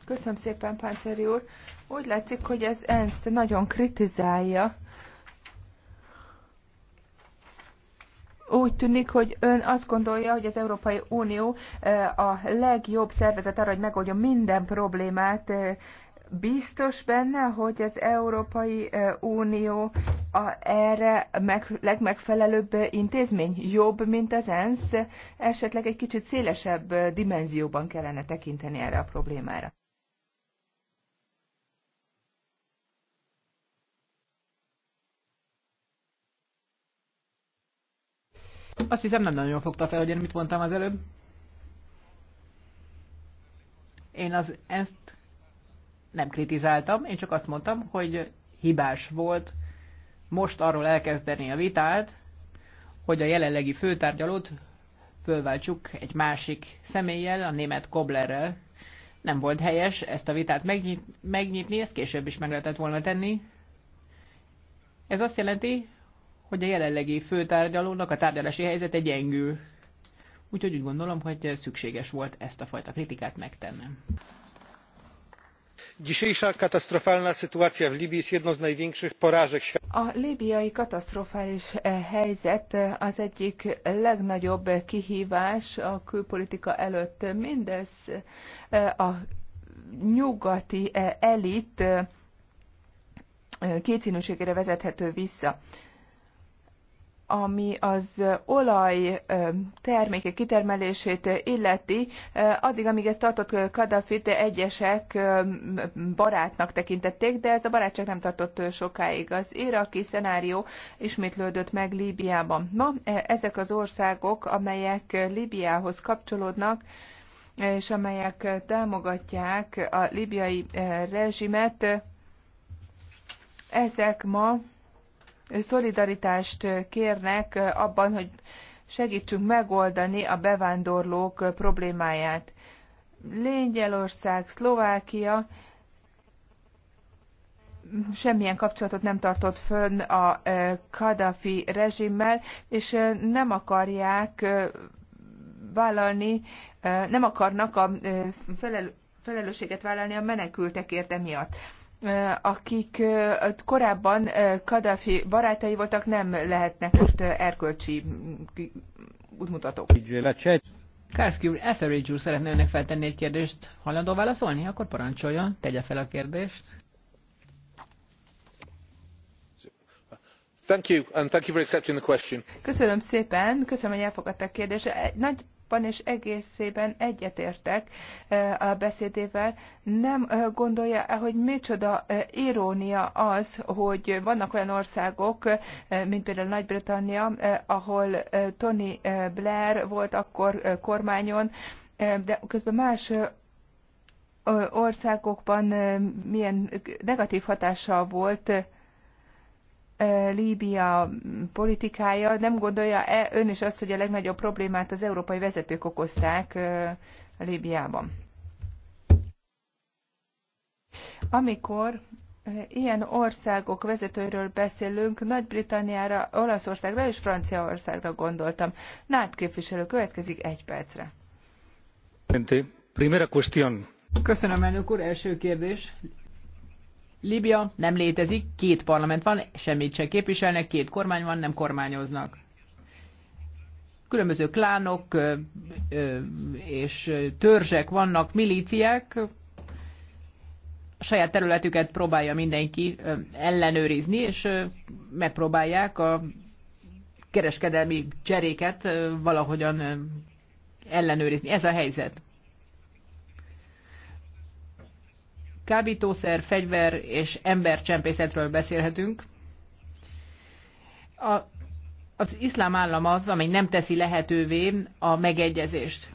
Köszönöm szépen, Páncéri úr. Úgy látszik, hogy ez ENSZ nagyon kritizálja úgy tűnik, hogy ön azt gondolja, hogy az Európai Unió eh, a legjobb szervezet arra, hogy megoldja minden problémát. Eh, biztos benne, hogy az Európai eh, Unió a erre meg, legmegfelelőbb intézmény jobb, mint az ENSZ? Esetleg egy kicsit szélesebb dimenzióban kellene tekinteni erre a problémára. Azt hiszem nem nagyon fogta fel, hogy én mit mondtam az előbb. Én az ezt nem kritizáltam, én csak azt mondtam, hogy hibás volt most arról elkezdeni a vitát, hogy a jelenlegi főtárgyalót fölváltsuk egy másik személlyel, a német Koblerrel. Nem volt helyes ezt a vitát megnyit, megnyitni, ezt később is meg lehetett volna tenni. Ez azt jelenti, hogy a jelenlegi főtárgyalónak a tárgyalási helyzete gyengül. Úgyhogy úgy gondolom, hogy szükséges volt ezt a fajta kritikát megtennem. Dzisiejsza katasztrofalna sytuacja w Libii jest jedną z największych porażek świata. A líbiai katasztrofális e, helyzet e, az egyik legnagyobb kihívás a külpolitika előtt. Mindez e, a nyugati elit kétszínűségére vezethető vissza ami az olaj termékek kitermelését illeti, addig, amíg ez tartott kadafit egyesek barátnak tekintették, de ez a barátság nem tartott sokáig. Az iraki szenárió ismétlődött meg Líbiában. Ma ezek az országok, amelyek Líbiához kapcsolódnak, és amelyek támogatják a libiai rezsimet, ezek ma szolidaritást kérnek abban, hogy segítsünk megoldani a bevándorlók problémáját. Lengyelország, Szlovákia semmilyen kapcsolatot nem tartott fönn a Kadafi rezsimmel, és nem akarják vállalni, nem akarnak a felelősséget vállalni a menekültekért emiatt akik korábban Kadhafi barátai voltak, nem lehetnek most erkölcsi útmutatók. Kárszki úr, Etheridge úr szeretne önnek feltenni egy kérdést. Hajlandó válaszolni? Akkor parancsoljon, tegye fel a kérdést. Thank you, and thank you for accepting the question. Köszönöm szépen, köszönöm, hogy elfogadta a kérdést. Nagy van és egészében egyetértek eh, a beszédével. Nem eh, gondolja, eh, hogy micsoda irónia az, hogy vannak olyan országok, mint például Nagy-Britannia, ahol Tony Blair volt akkor kormányon, de közben más országokban milyen negatív hatással volt Líbia politikája, nem gondolja-e ön is azt, hogy a legnagyobb problémát az európai vezetők okozták Líbiában? Amikor ilyen országok vezetőről beszélünk, Nagy-Britanniára, Olaszországra és Franciaországra gondoltam. Nárt képviselő következik egy percre. Primera cuestión. Köszönöm, elnök úr. Első kérdés. Líbia nem létezik, két parlament van, semmit se képviselnek, két kormány van, nem kormányoznak. Különböző klánok és törzsek vannak, milíciák, a saját területüket próbálja mindenki ellenőrizni, és megpróbálják a kereskedelmi cseréket valahogyan ellenőrizni. Ez a helyzet. kábítószer, fegyver és embercsempészetről beszélhetünk. A, az iszlám állam az, amely nem teszi lehetővé a megegyezést.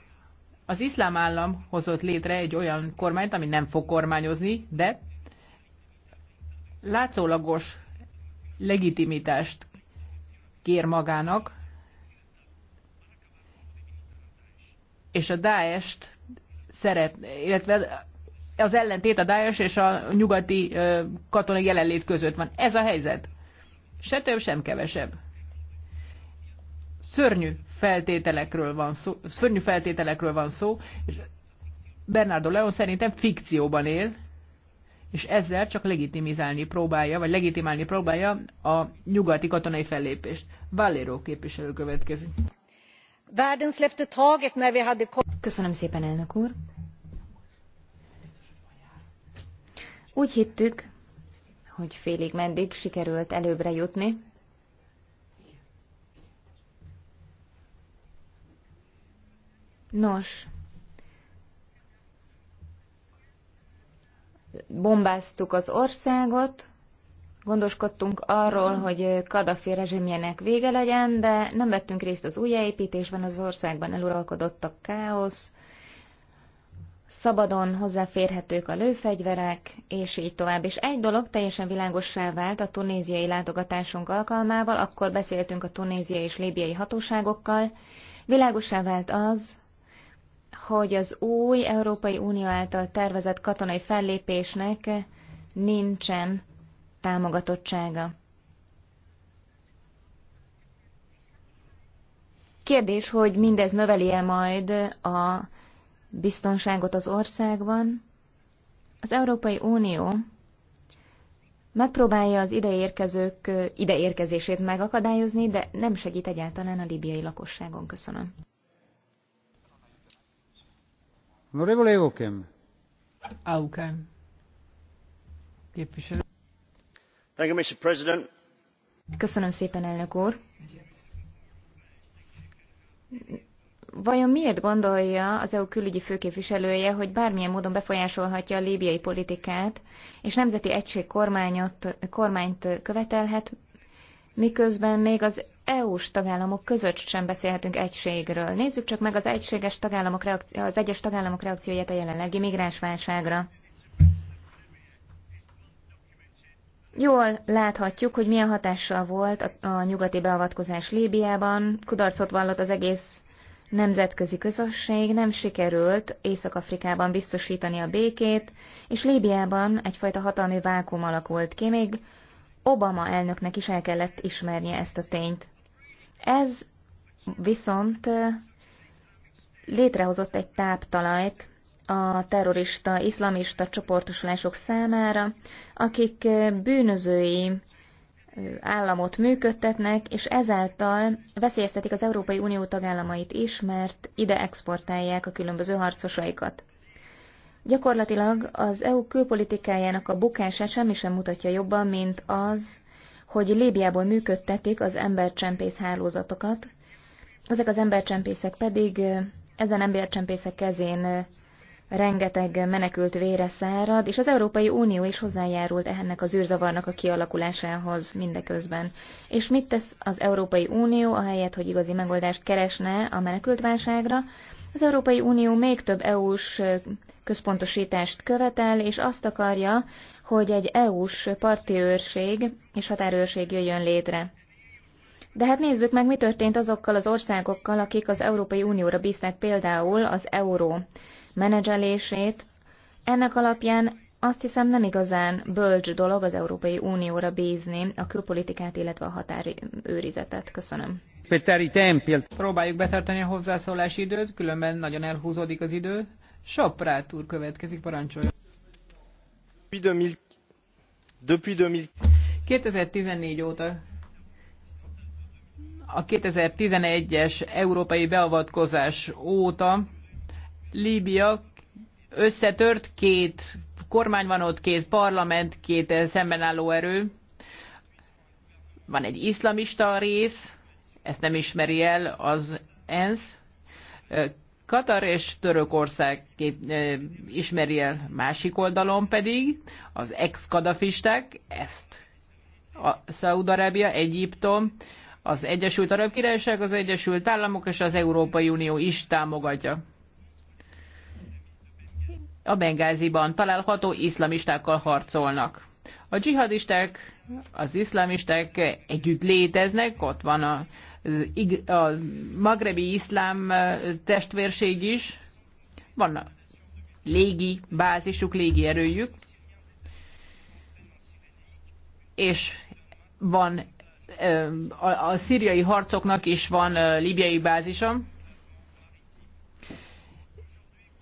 Az iszlám állam hozott létre egy olyan kormányt, ami nem fog kormányozni, de látszólagos legitimitást kér magának, és a Daest szeret, illetve az ellentét a Daesh és a nyugati katonai jelenlét között van. Ez a helyzet. Se több, sem kevesebb. Szörnyű feltételekről van szó, szörnyű feltételekről van szó, és Bernardo Leon szerintem fikcióban él, és ezzel csak legitimizálni próbálja, vagy legitimálni próbálja a nyugati katonai fellépést. Valero képviselő következik. Köszönöm szépen, elnök úr! Úgy hittük, hogy félig meddig sikerült előbbre jutni. Nos, bombáztuk az országot, gondoskodtunk arról, hogy Kadafi rezsimjének vége legyen, de nem vettünk részt az újjáépítésben, az országban eluralkodott a káosz, szabadon hozzáférhetők a lőfegyverek, és így tovább. És egy dolog teljesen világossá vált a tunéziai látogatásunk alkalmával, akkor beszéltünk a tunéziai és líbiai hatóságokkal. Világossá vált az, hogy az új Európai Unió által tervezett katonai fellépésnek nincsen támogatottsága. Kérdés, hogy mindez növeli-e majd a biztonságot az országban. Az Európai Unió megpróbálja az ideérkezők ideérkezését megakadályozni, de nem segít egyáltalán a libiai lakosságon. Köszönöm. Honorable Auken. Auken. Képviselő. Thank you, Mr. President. Köszönöm szépen, elnök úr. Vajon miért gondolja az EU külügyi főképviselője, hogy bármilyen módon befolyásolhatja a líbiai politikát, és nemzeti egység kormányot, kormányt követelhet, miközben még az EU-s tagállamok között sem beszélhetünk egységről. Nézzük csak meg az, egységes tagállamok reakció, az egyes tagállamok reakcióját a jelenlegi migránsválságra. Jól láthatjuk, hogy milyen hatással volt a, a nyugati beavatkozás Líbiában, kudarcot vallott az egész nemzetközi közösség nem sikerült Észak-Afrikában biztosítani a békét, és Líbiában egyfajta hatalmi vákum alakult ki, még Obama elnöknek is el kellett ismernie ezt a tényt. Ez viszont létrehozott egy táptalajt a terrorista, iszlamista csoportosulások számára, akik bűnözői államot működtetnek, és ezáltal veszélyeztetik az Európai Unió tagállamait is, mert ide exportálják a különböző harcosaikat. Gyakorlatilag az EU külpolitikájának a bukása semmi sem mutatja jobban, mint az, hogy Líbiából működtetik az embercsempész hálózatokat, ezek az embercsempészek pedig ezen embercsempészek kezén rengeteg menekült vére szárad, és az Európai Unió is hozzájárult ennek az űrzavarnak a kialakulásához mindeközben. És mit tesz az Európai Unió, ahelyett, hogy igazi megoldást keresne a menekültválságra? Az Európai Unió még több EU-s központosítást követel, és azt akarja, hogy egy EU-s parti őrség és határőrség jöjjön létre. De hát nézzük meg, mi történt azokkal az országokkal, akik az Európai Unióra bíznak például az euró menedzselését. Ennek alapján azt hiszem nem igazán bölcs dolog az Európai Unióra bízni a külpolitikát, illetve a határőrizetet. Köszönöm. Péteri Tempil. Próbáljuk betartani a hozzászólási időt, különben nagyon elhúzódik az idő. Soprát úr következik, parancsoljon. 2014 óta a 2011-es európai beavatkozás óta Líbia összetört, két kormány van ott, két parlament, két eh, szemben álló erő. Van egy iszlamista rész, ezt nem ismeri el az ENSZ. Eh, Katar és Törökország eh, ismeri el másik oldalon pedig, az ex-kadafisták, ezt a szaúd Egyiptom, az Egyesült Arab Királyság, az Egyesült Államok és az Európai Unió is támogatja a Bengáziban található iszlamistákkal harcolnak. A dzsihadisták, az iszlamisták együtt léteznek, ott van a, a magrebi iszlám testvérség is, van a légi bázisuk, légi erőjük, és van a, a szíriai harcoknak is van libiai bázisa.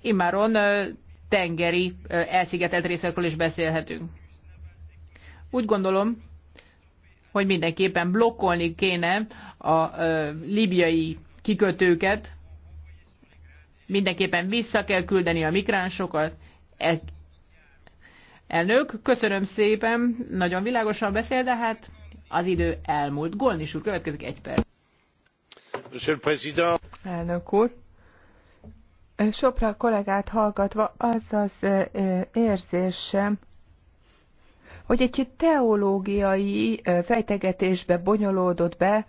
Imáron tengeri elszigetelt részekről is beszélhetünk. Úgy gondolom, hogy mindenképpen blokkolni kéne a libiai kikötőket, mindenképpen vissza kell küldeni a migránsokat. El, elnök, köszönöm szépen, nagyon világosan beszél, de hát az idő elmúlt. Golnis úr, következik egy perc. Elnök úr, Sopra kollégát hallgatva az az érzésem, hogy egy teológiai fejtegetésbe bonyolódott be,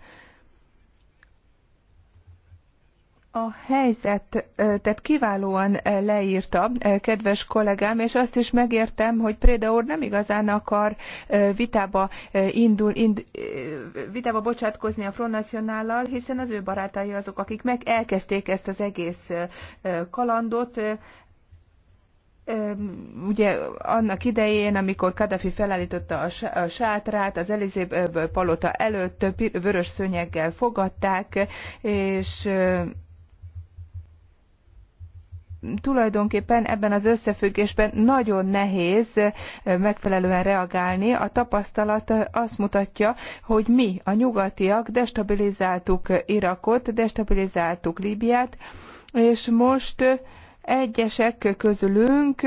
a helyzetet kiválóan leírta, kedves kollégám, és azt is megértem, hogy Préda úr nem igazán akar vitába, indul, ind, vitába bocsátkozni a Front Nationállal, hiszen az ő barátai azok, akik meg elkezdték ezt az egész kalandot, ugye annak idején, amikor Kadafi felállította a sátrát, az Elizé palota előtt vörös szőnyeggel fogadták, és tulajdonképpen ebben az összefüggésben nagyon nehéz megfelelően reagálni. A tapasztalat azt mutatja, hogy mi, a nyugatiak destabilizáltuk Irakot, destabilizáltuk Líbiát, és most Egyesek közülünk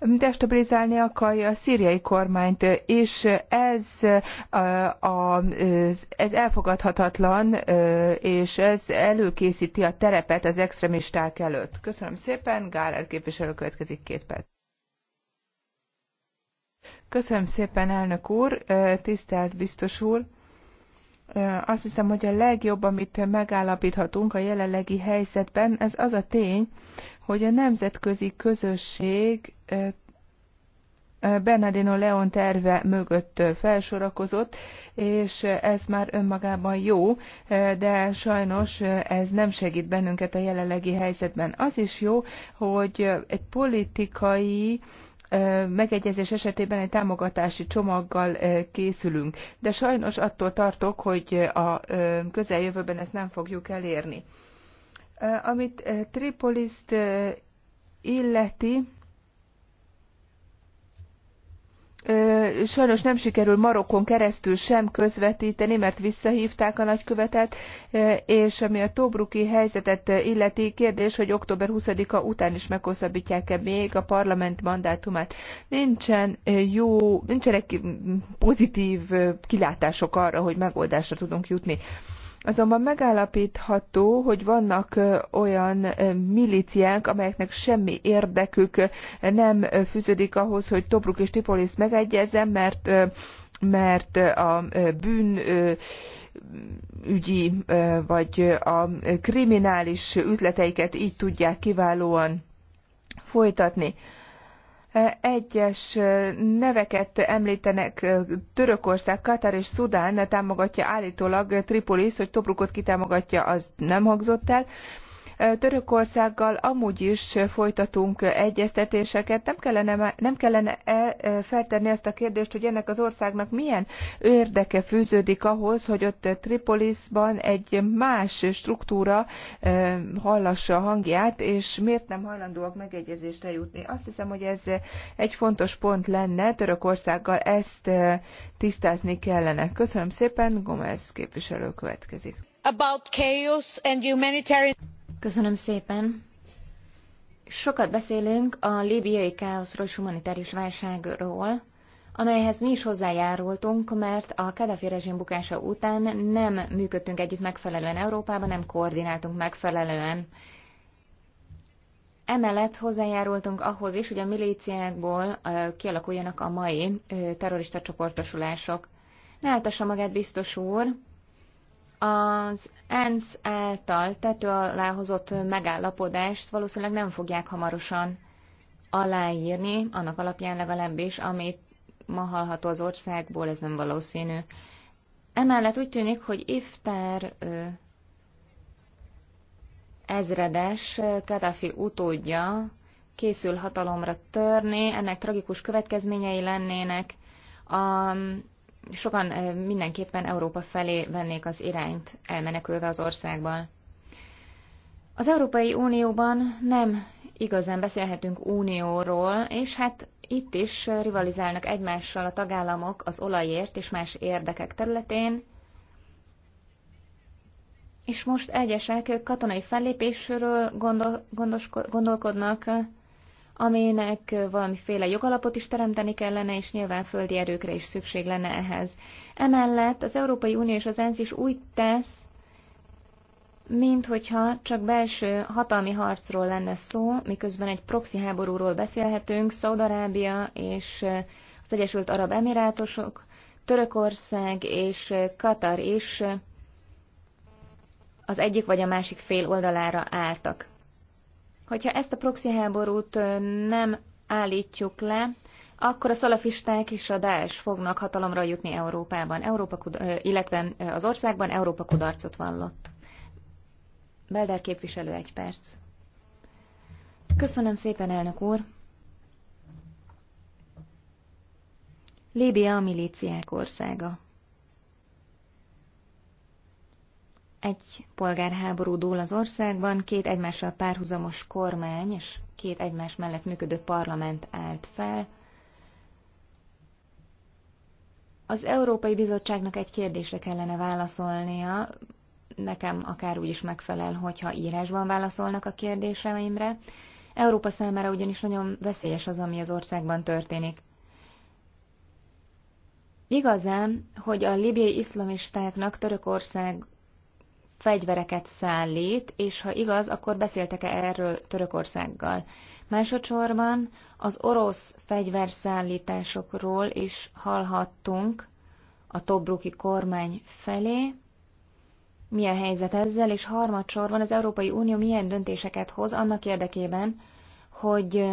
destabilizálni akarja a szíriai kormányt, és ez, a, ez elfogadhatatlan, és ez előkészíti a terepet az extremisták előtt. Köszönöm szépen, Gáler képviselő következik két perc. Köszönöm szépen, elnök úr, tisztelt biztos úr. Azt hiszem, hogy a legjobb, amit megállapíthatunk a jelenlegi helyzetben, ez az a tény, hogy a nemzetközi közösség Bernardino Leon terve mögött felsorakozott, és ez már önmagában jó, de sajnos ez nem segít bennünket a jelenlegi helyzetben. Az is jó, hogy egy politikai megegyezés esetében egy támogatási csomaggal készülünk, de sajnos attól tartok, hogy a közeljövőben ezt nem fogjuk elérni. Amit Tripoliszt illeti, sajnos nem sikerül Marokkon keresztül sem közvetíteni, mert visszahívták a nagykövetet, és ami a Tobruki helyzetet illeti, kérdés, hogy október 20-a után is meghosszabbítják-e még a parlament mandátumát. Nincsen jó, nincsenek pozitív kilátások arra, hogy megoldásra tudunk jutni. Azonban megállapítható, hogy vannak olyan milíciák, amelyeknek semmi érdekük nem fűződik ahhoz, hogy Tobruk és Tipolis megegyezzen, mert, mert a bűn ügyi vagy a kriminális üzleteiket így tudják kiválóan folytatni egyes neveket említenek, Törökország, Katar és Szudán támogatja állítólag Tripolis, hogy Tobrukot kitámogatja, az nem hangzott el. Törökországgal amúgy is folytatunk egyeztetéseket. Nem kellene, nem kellene e, -e feltenni ezt a kérdést, hogy ennek az országnak milyen érdeke fűződik ahhoz, hogy ott Tripolisban egy más struktúra hallassa a hangját, és miért nem hajlandóak megegyezésre jutni. Azt hiszem, hogy ez egy fontos pont lenne, Törökországgal ezt tisztázni kellene. Köszönöm szépen, Gomez képviselő következik. About chaos and humanitarian Köszönöm szépen. Sokat beszélünk a líbiai káoszról és humanitárius válságról, amelyhez mi is hozzájárultunk, mert a Kadhafi rezsim bukása után nem működtünk együtt megfelelően Európában, nem koordináltunk megfelelően. Emellett hozzájárultunk ahhoz is, hogy a milíciákból kialakuljanak a mai terrorista csoportosulások. Ne magát biztos úr, az ENSZ által tető alá hozott megállapodást valószínűleg nem fogják hamarosan aláírni, annak alapján legalábbis, amit ma hallható az országból, ez nem valószínű. Emellett úgy tűnik, hogy Iftár ö, ezredes Kadhafi utódja készül hatalomra törni, ennek tragikus következményei lennének. A sokan mindenképpen Európa felé vennék az irányt, elmenekülve az országban. Az Európai Unióban nem igazán beszélhetünk unióról, és hát itt is rivalizálnak egymással a tagállamok az olajért és más érdekek területén, és most egyesek katonai fellépésről gondol, gondos, gondolkodnak, aminek valamiféle jogalapot is teremteni kellene, és nyilván földi erőkre is szükség lenne ehhez. Emellett az Európai Unió és az ENSZ is úgy tesz, mint hogyha csak belső hatalmi harcról lenne szó, miközben egy proxy háborúról beszélhetünk, Szaudarábia és az Egyesült Arab Emirátusok, Törökország és Katar is az egyik vagy a másik fél oldalára álltak. Hogyha ezt a proxy háborút nem állítjuk le, akkor a szalafisták és a Daesh fognak hatalomra jutni Európában, Európa illetve az országban Európa kudarcot vallott. Belder képviselő egy perc. Köszönöm szépen, elnök úr. Líbia a milíciák országa. Egy polgárháború dúl az országban, két egymással párhuzamos kormány és két egymás mellett működő parlament állt fel. Az Európai Bizottságnak egy kérdésre kellene válaszolnia, nekem akár úgy is megfelel, hogyha írásban válaszolnak a kérdéseimre. Európa számára ugyanis nagyon veszélyes az, ami az országban történik. Igazán, hogy a libiai iszlamistáknak Törökország fegyvereket szállít, és ha igaz, akkor beszéltek-e erről Törökországgal? Másodszorban az orosz fegyverszállításokról is hallhattunk a Tobruki kormány felé. Mi a helyzet ezzel, és harmadsorban az Európai Unió milyen döntéseket hoz annak érdekében, hogy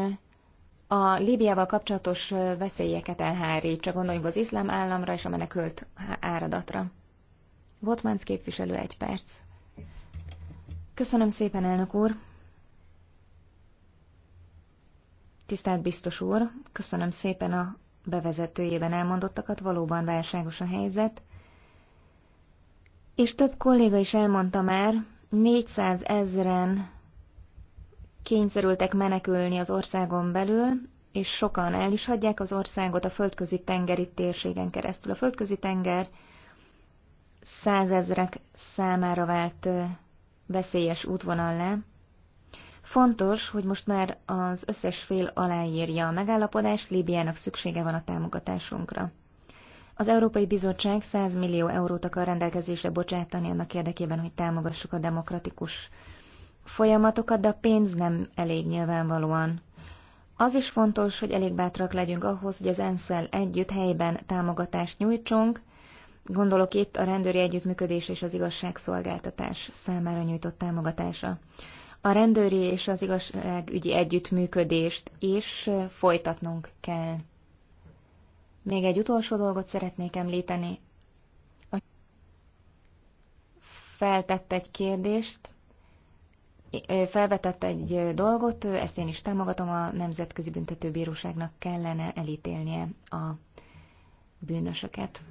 a Líbiával kapcsolatos veszélyeket elhárítsa, gondoljunk az iszlám államra és a menekült áradatra. Votmánc képviselő egy perc. Köszönöm szépen, elnök úr. Tisztelt biztos úr, köszönöm szépen a bevezetőjében elmondottakat, valóban válságos a helyzet. És több kolléga is elmondta már, 400 ezeren kényszerültek menekülni az országon belül, és sokan el is hagyják az országot a földközi tengeri térségen keresztül. A földközi tenger százezrek számára vált veszélyes le. Fontos, hogy most már az összes fél aláírja a megállapodást, Líbiának szüksége van a támogatásunkra. Az Európai Bizottság 100 millió eurót akar rendelkezésre bocsátani annak érdekében, hogy támogassuk a demokratikus folyamatokat, de a pénz nem elég nyilvánvalóan. Az is fontos, hogy elég bátrak legyünk ahhoz, hogy az ensz együtt helyben támogatást nyújtsunk, Gondolok itt a rendőri együttműködés és az igazságszolgáltatás számára nyújtott támogatása. A rendőri és az igazságügyi együttműködést is folytatnunk kell. Még egy utolsó dolgot szeretnék említeni. A feltett egy kérdést, felvetett egy dolgot, ezt én is támogatom, a Nemzetközi Büntetőbíróságnak kellene elítélnie a bűnösöket.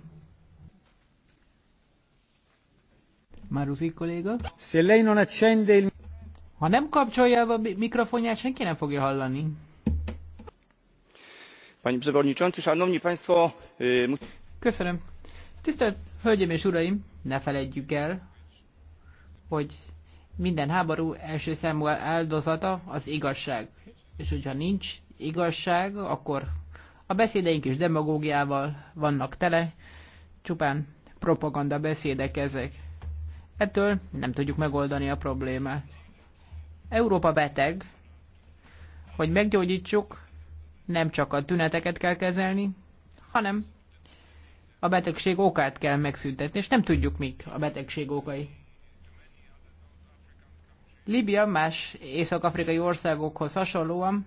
Marusi kolléga. Se lei non accende il... Ha nem kapcsolja a mikrofonját, senki nem fogja hallani. Pani Przewodniczący, Szanowni Państwo... Köszönöm. Tisztelt Hölgyeim és Uraim, ne felejtjük el, hogy minden háború első számú áldozata az igazság. És hogyha nincs igazság, akkor a beszédeink is demagógiával vannak tele, csupán propaganda beszédek ezek. Ettől nem tudjuk megoldani a problémát. Európa beteg, hogy meggyógyítsuk, nem csak a tüneteket kell kezelni, hanem a betegség okát kell megszüntetni, és nem tudjuk mik a betegség okai. Líbia más észak-afrikai országokhoz hasonlóan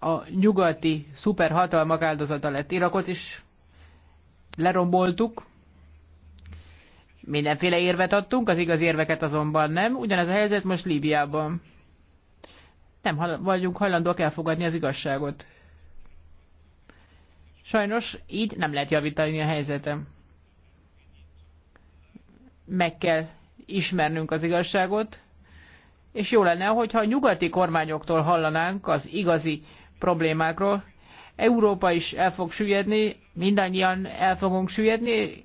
a nyugati szuperhatalmak áldozata lett. Irakot is leromboltuk, Mindenféle érvet adtunk, az igaz érveket azonban nem. Ugyanez a helyzet most Líbiában. Nem vagyunk hajlandók elfogadni az igazságot. Sajnos így nem lehet javítani a helyzetem. Meg kell ismernünk az igazságot, és jó lenne, hogyha a nyugati kormányoktól hallanánk az igazi problémákról. Európa is el fog süllyedni, mindannyian el fogunk süllyedni,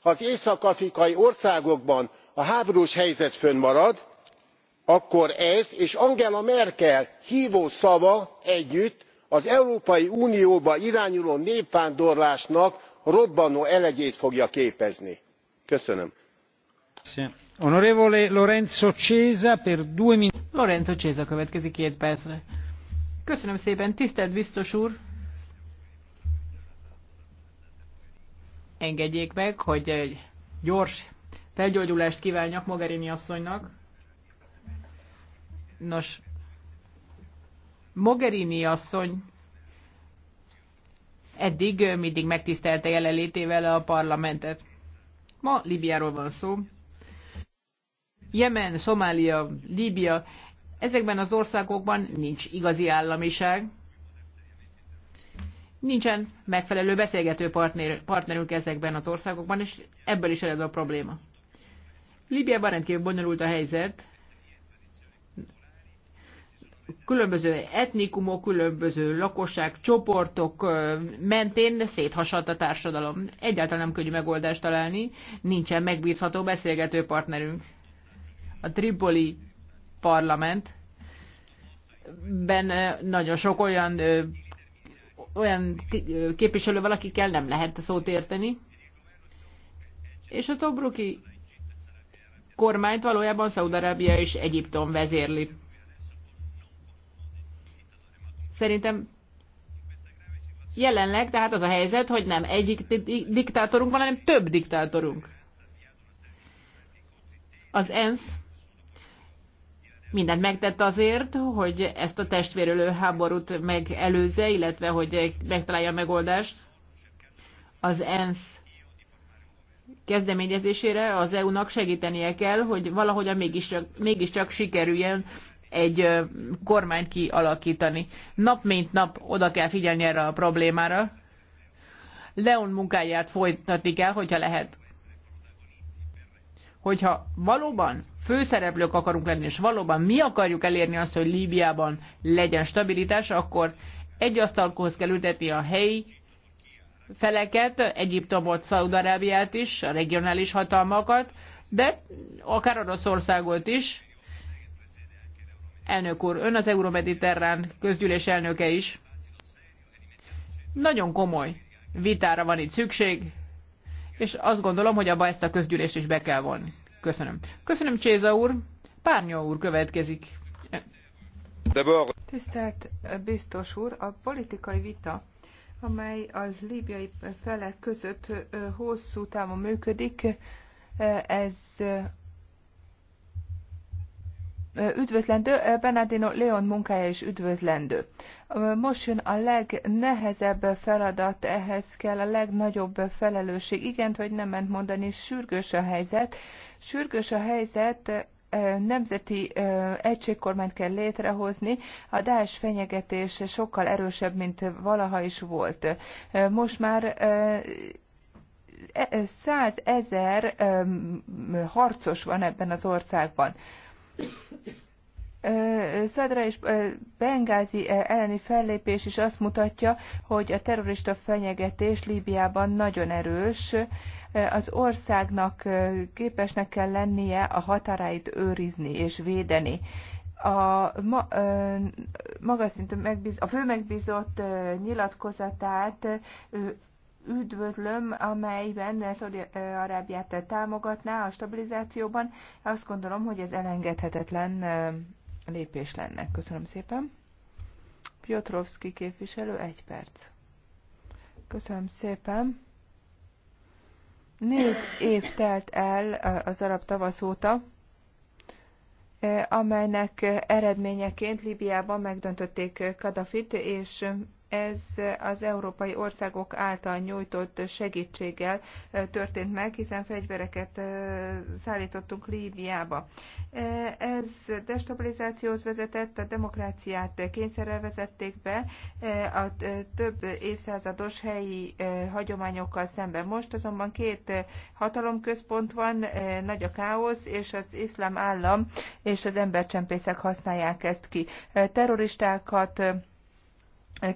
ha az észak afrikai országokban a háborús helyzet fönnmarad akkor ez és angela merkel hvószava együtt az európai unióba irányuló népvándorlásnak robbanóelegyét fogja képezni. köszönöm. lorenzo cesa köszönöm szépen tisztelt biztos úr! engedjék meg, hogy egy gyors felgyógyulást kívánjak Mogherini asszonynak. Nos, Mogherini asszony eddig mindig megtisztelte jelenlétével a parlamentet. Ma Libiáról van szó. Jemen, Szomália, Líbia, ezekben az országokban nincs igazi államiság nincsen megfelelő beszélgető partner, partnerünk ezekben az országokban, és ebből is ered a probléma. Líbiában rendkívül bonyolult a helyzet. Különböző etnikumok, különböző lakosság, csoportok mentén széthasadt a társadalom. Egyáltalán nem könnyű megoldást találni, nincsen megbízható beszélgető partnerünk. A Tripoli parlament ben nagyon sok olyan olyan képviselővel, akikkel nem lehet szót érteni. És a Tobruki kormányt valójában Szaudarábia és Egyiptom vezérli. Szerintem jelenleg tehát az a helyzet, hogy nem egyik diktátorunk van, hanem több diktátorunk. Az ENSZ mindent megtett azért, hogy ezt a testvérölő háborút megelőzze, illetve hogy megtalálja a megoldást. Az ENSZ kezdeményezésére az EU-nak segítenie kell, hogy valahogyan mégiscsak, mégiscsak sikerüljen egy kormányt kialakítani. Nap mint nap oda kell figyelni erre a problémára. Leon munkáját folytatni kell, hogyha lehet. Hogyha valóban főszereplők akarunk lenni, és valóban mi akarjuk elérni azt, hogy Líbiában legyen stabilitás, akkor egy asztalkóhoz kell ültetni a helyi feleket, Egyiptomot, Szaudarábiát is, a regionális hatalmakat, de akár Oroszországot is. Elnök úr, ön az Euromediterrán közgyűlés elnöke is. Nagyon komoly vitára van itt szükség, és azt gondolom, hogy abba ezt a közgyűlést is be kell vonni. Köszönöm. Köszönöm, Cséza úr. Párnyó úr következik. Tisztelt biztos úr, a politikai vita, amely a líbiai felek között hosszú távon működik, ez üdvözlendő, Bernardino Leon munkája is üdvözlendő. Most jön a legnehezebb feladat, ehhez kell a legnagyobb felelősség. hogy nem ment mondani, sürgős a helyzet, Sürgős a helyzet, nemzeti egységkormányt kell létrehozni. A Daesh fenyegetés sokkal erősebb, mint valaha is volt. Most már e, százezer harcos van ebben az országban. Szadra és Bengázi elleni fellépés is azt mutatja, hogy a terrorista fenyegetés Líbiában nagyon erős, az országnak képesnek kell lennie a határait őrizni és védeni a ma, ö, magas szintű megbiz, a fő megbízott nyilatkozatát üdvözlöm, amelyben Szaudi-Arábiát támogatná a stabilizációban. Azt gondolom, hogy ez elengedhetetlen lépés lenne. Köszönöm szépen. Piotrowski képviselő, egy perc. Köszönöm szépen. Négy év telt el az arab tavasz óta, amelynek eredményeként Líbiában megdöntötték Kadafit, és ez az európai országok által nyújtott segítséggel történt meg, hiszen fegyvereket szállítottunk Líbiába. Ez destabilizációhoz vezetett, a demokráciát kényszerrel vezették be a több évszázados helyi hagyományokkal szemben. Most azonban két hatalomközpont van, nagy a káosz, és az iszlám állam és az embercsempészek használják ezt ki. Terroristákat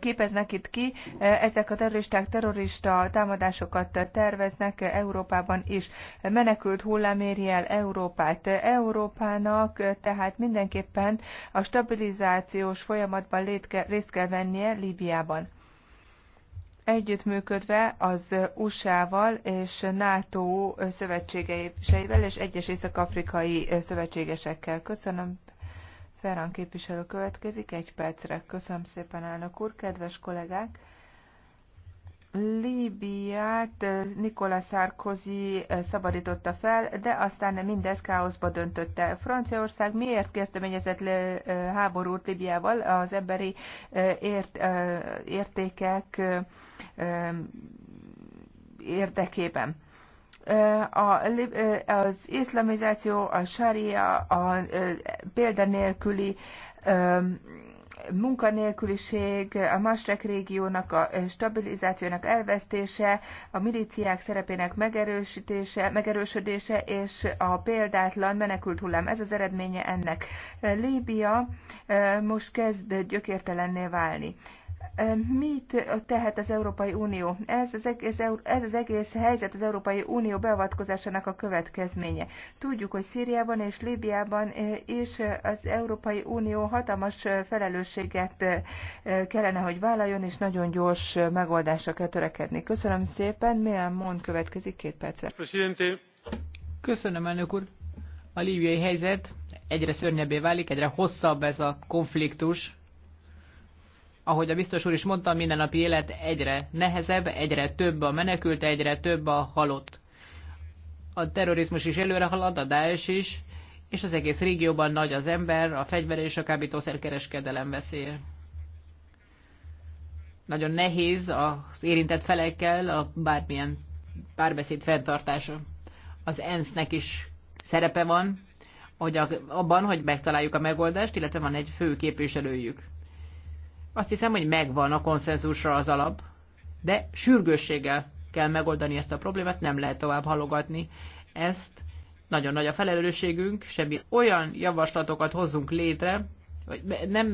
képeznek itt ki. Ezek a terroristák terrorista támadásokat terveznek Európában is. Menekült hullám éri el Európát. Európának tehát mindenképpen a stabilizációs folyamatban részt kell vennie Líbiában. Együttműködve az USA-val és NATO szövetségeivel és egyes észak-afrikai szövetségesekkel. Köszönöm Ferran képviselő következik, egy percre. Köszönöm szépen, elnök úr, kedves kollégák! Líbiát eh, Nicolas Sarkozy eh, szabadította fel, de aztán mindez káoszba döntötte. Franciaország miért kezdeményezett le eh, háborút Líbiával az emberi ért, értékek érdekében? az iszlamizáció, a sária, a példanélküli munkanélküliség, a Masrek régiónak a stabilizációnak elvesztése, a milíciák szerepének megerősítése, megerősödése és a példátlan menekült hullám. Ez az eredménye ennek. Líbia most kezd gyökértelenné válni. Mit tehet az Európai Unió? Ez az, egész, ez az egész helyzet az Európai Unió beavatkozásának a következménye. Tudjuk, hogy Szíriában és Líbiában is az Európai Unió hatalmas felelősséget kellene, hogy vállaljon, és nagyon gyors megoldásra kell törekedni. Köszönöm szépen. Milyen mond következik két percre? Köszönöm, elnök úr. A líbiai helyzet egyre szörnyebbé válik, egyre hosszabb ez a konfliktus ahogy a biztos úr is mondta, minden mindennapi élet egyre nehezebb, egyre több a menekült, egyre több a halott. A terrorizmus is előre halad, a Daesh is, és az egész régióban nagy az ember, a fegyver és a kábítószerkereskedelem veszélye. Nagyon nehéz az érintett felekkel a bármilyen párbeszéd fenntartása. Az ENSZ-nek is szerepe van, hogy abban, hogy megtaláljuk a megoldást, illetve van egy fő képviselőjük. Azt hiszem, hogy megvan a konszenzusra az alap, de sürgősséggel kell megoldani ezt a problémát, nem lehet tovább halogatni ezt. Nagyon nagy a felelősségünk, semmi olyan javaslatokat hozzunk létre, nem,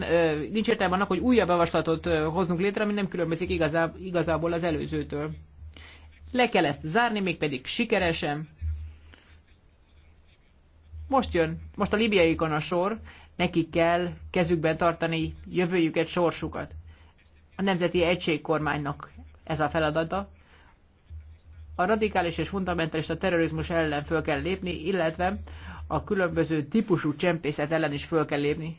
nincs értelme annak, hogy újabb javaslatot hozzunk létre, ami nem különbözik igazából az előzőtől. Le kell ezt zárni, mégpedig sikeresen. Most jön, most a libiaikon a sor, nekik kell kezükben tartani jövőjüket, sorsukat. A Nemzeti Egységkormánynak ez a feladata. A radikális és fundamentális a terrorizmus ellen föl kell lépni, illetve a különböző típusú csempészet ellen is föl kell lépni.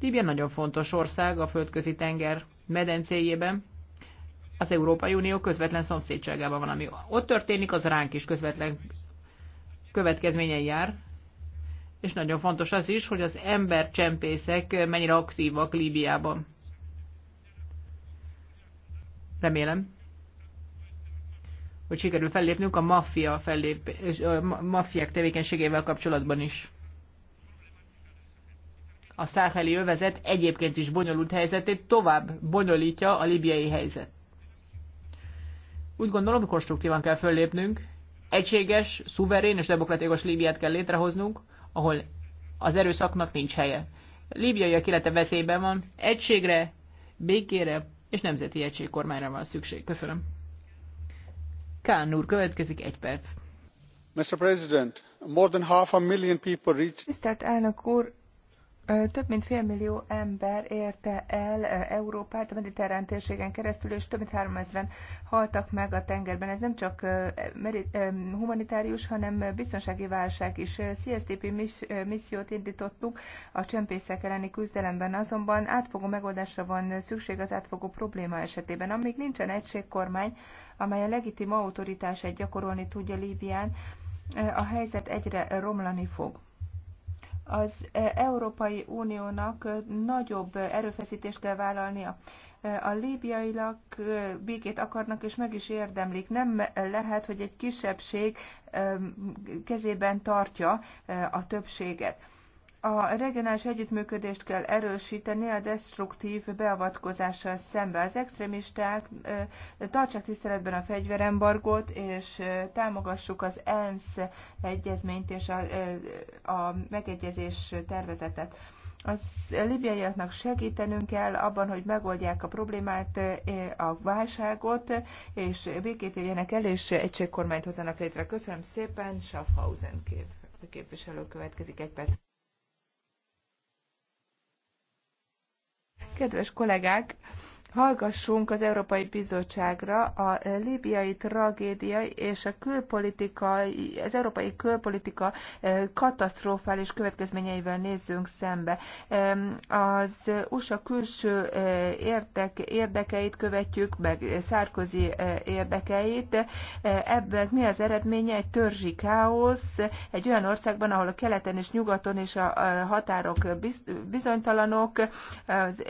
Líbia nagyon fontos ország a földközi tenger medencéjében, az Európai Unió közvetlen szomszédságában van, ami ott történik, az ránk is közvetlen következményen jár és nagyon fontos az is, hogy az embercsempészek mennyire aktívak Líbiában. Remélem, hogy sikerül fellépnünk a maffia, fellép, a maffiák tevékenységével kapcsolatban is. A száheli övezet egyébként is bonyolult helyzetét tovább bonyolítja a libiai helyzet. Úgy gondolom, hogy konstruktívan kell föllépnünk, egységes, szuverén és demokratikus Líbiát kell létrehoznunk, ahol az erőszaknak nincs helye. Líbiaiak élete veszélyben van, egységre, békére és nemzeti egységkormányra van szükség. Köszönöm. Kán úr, következik egy perc. Mr. President, more than half a million people reach... Tisztelt elnök úr, több mint félmillió ember érte el Európát a mediterrán térségen keresztül, és több mint 3000-en haltak meg a tengerben. Ez nem csak humanitárius, hanem biztonsági válság is. CSTP missziót indítottuk a csempészek elleni küzdelemben, azonban átfogó megoldásra van szükség az átfogó probléma esetében. Amíg nincsen egységkormány, amely a legitim autoritását gyakorolni tudja Líbián, a helyzet egyre romlani fog az eh, Európai Uniónak eh, nagyobb eh, erőfeszítést kell vállalnia. A líbiailag békét akarnak, és meg is érdemlik. Nem lehet, hogy egy kisebbség kezében tartja a többséget a regionális együttműködést kell erősíteni a destruktív beavatkozással szembe. Az extremisták tartsák tiszteletben a fegyverembargót, és támogassuk az ENSZ egyezményt és a, a megegyezés tervezetet. Az libiaiaknak segítenünk kell abban, hogy megoldják a problémát, a válságot, és békét érjenek el, és egységkormányt hozzanak létre. Köszönöm szépen, Schaffhausen kép, képviselő következik egy perc. Kedves kollégák, Hallgassunk az Európai Bizottságra a líbiai tragédia és a külpolitikai, az európai külpolitika katasztrofális következményeivel nézzünk szembe. Az USA külső érdek, érdekeit követjük, meg Szárkozi érdekeit. Ebben mi az eredménye? Egy törzsi káosz egy olyan országban, ahol a keleten és nyugaton is a határok bizonytalanok, az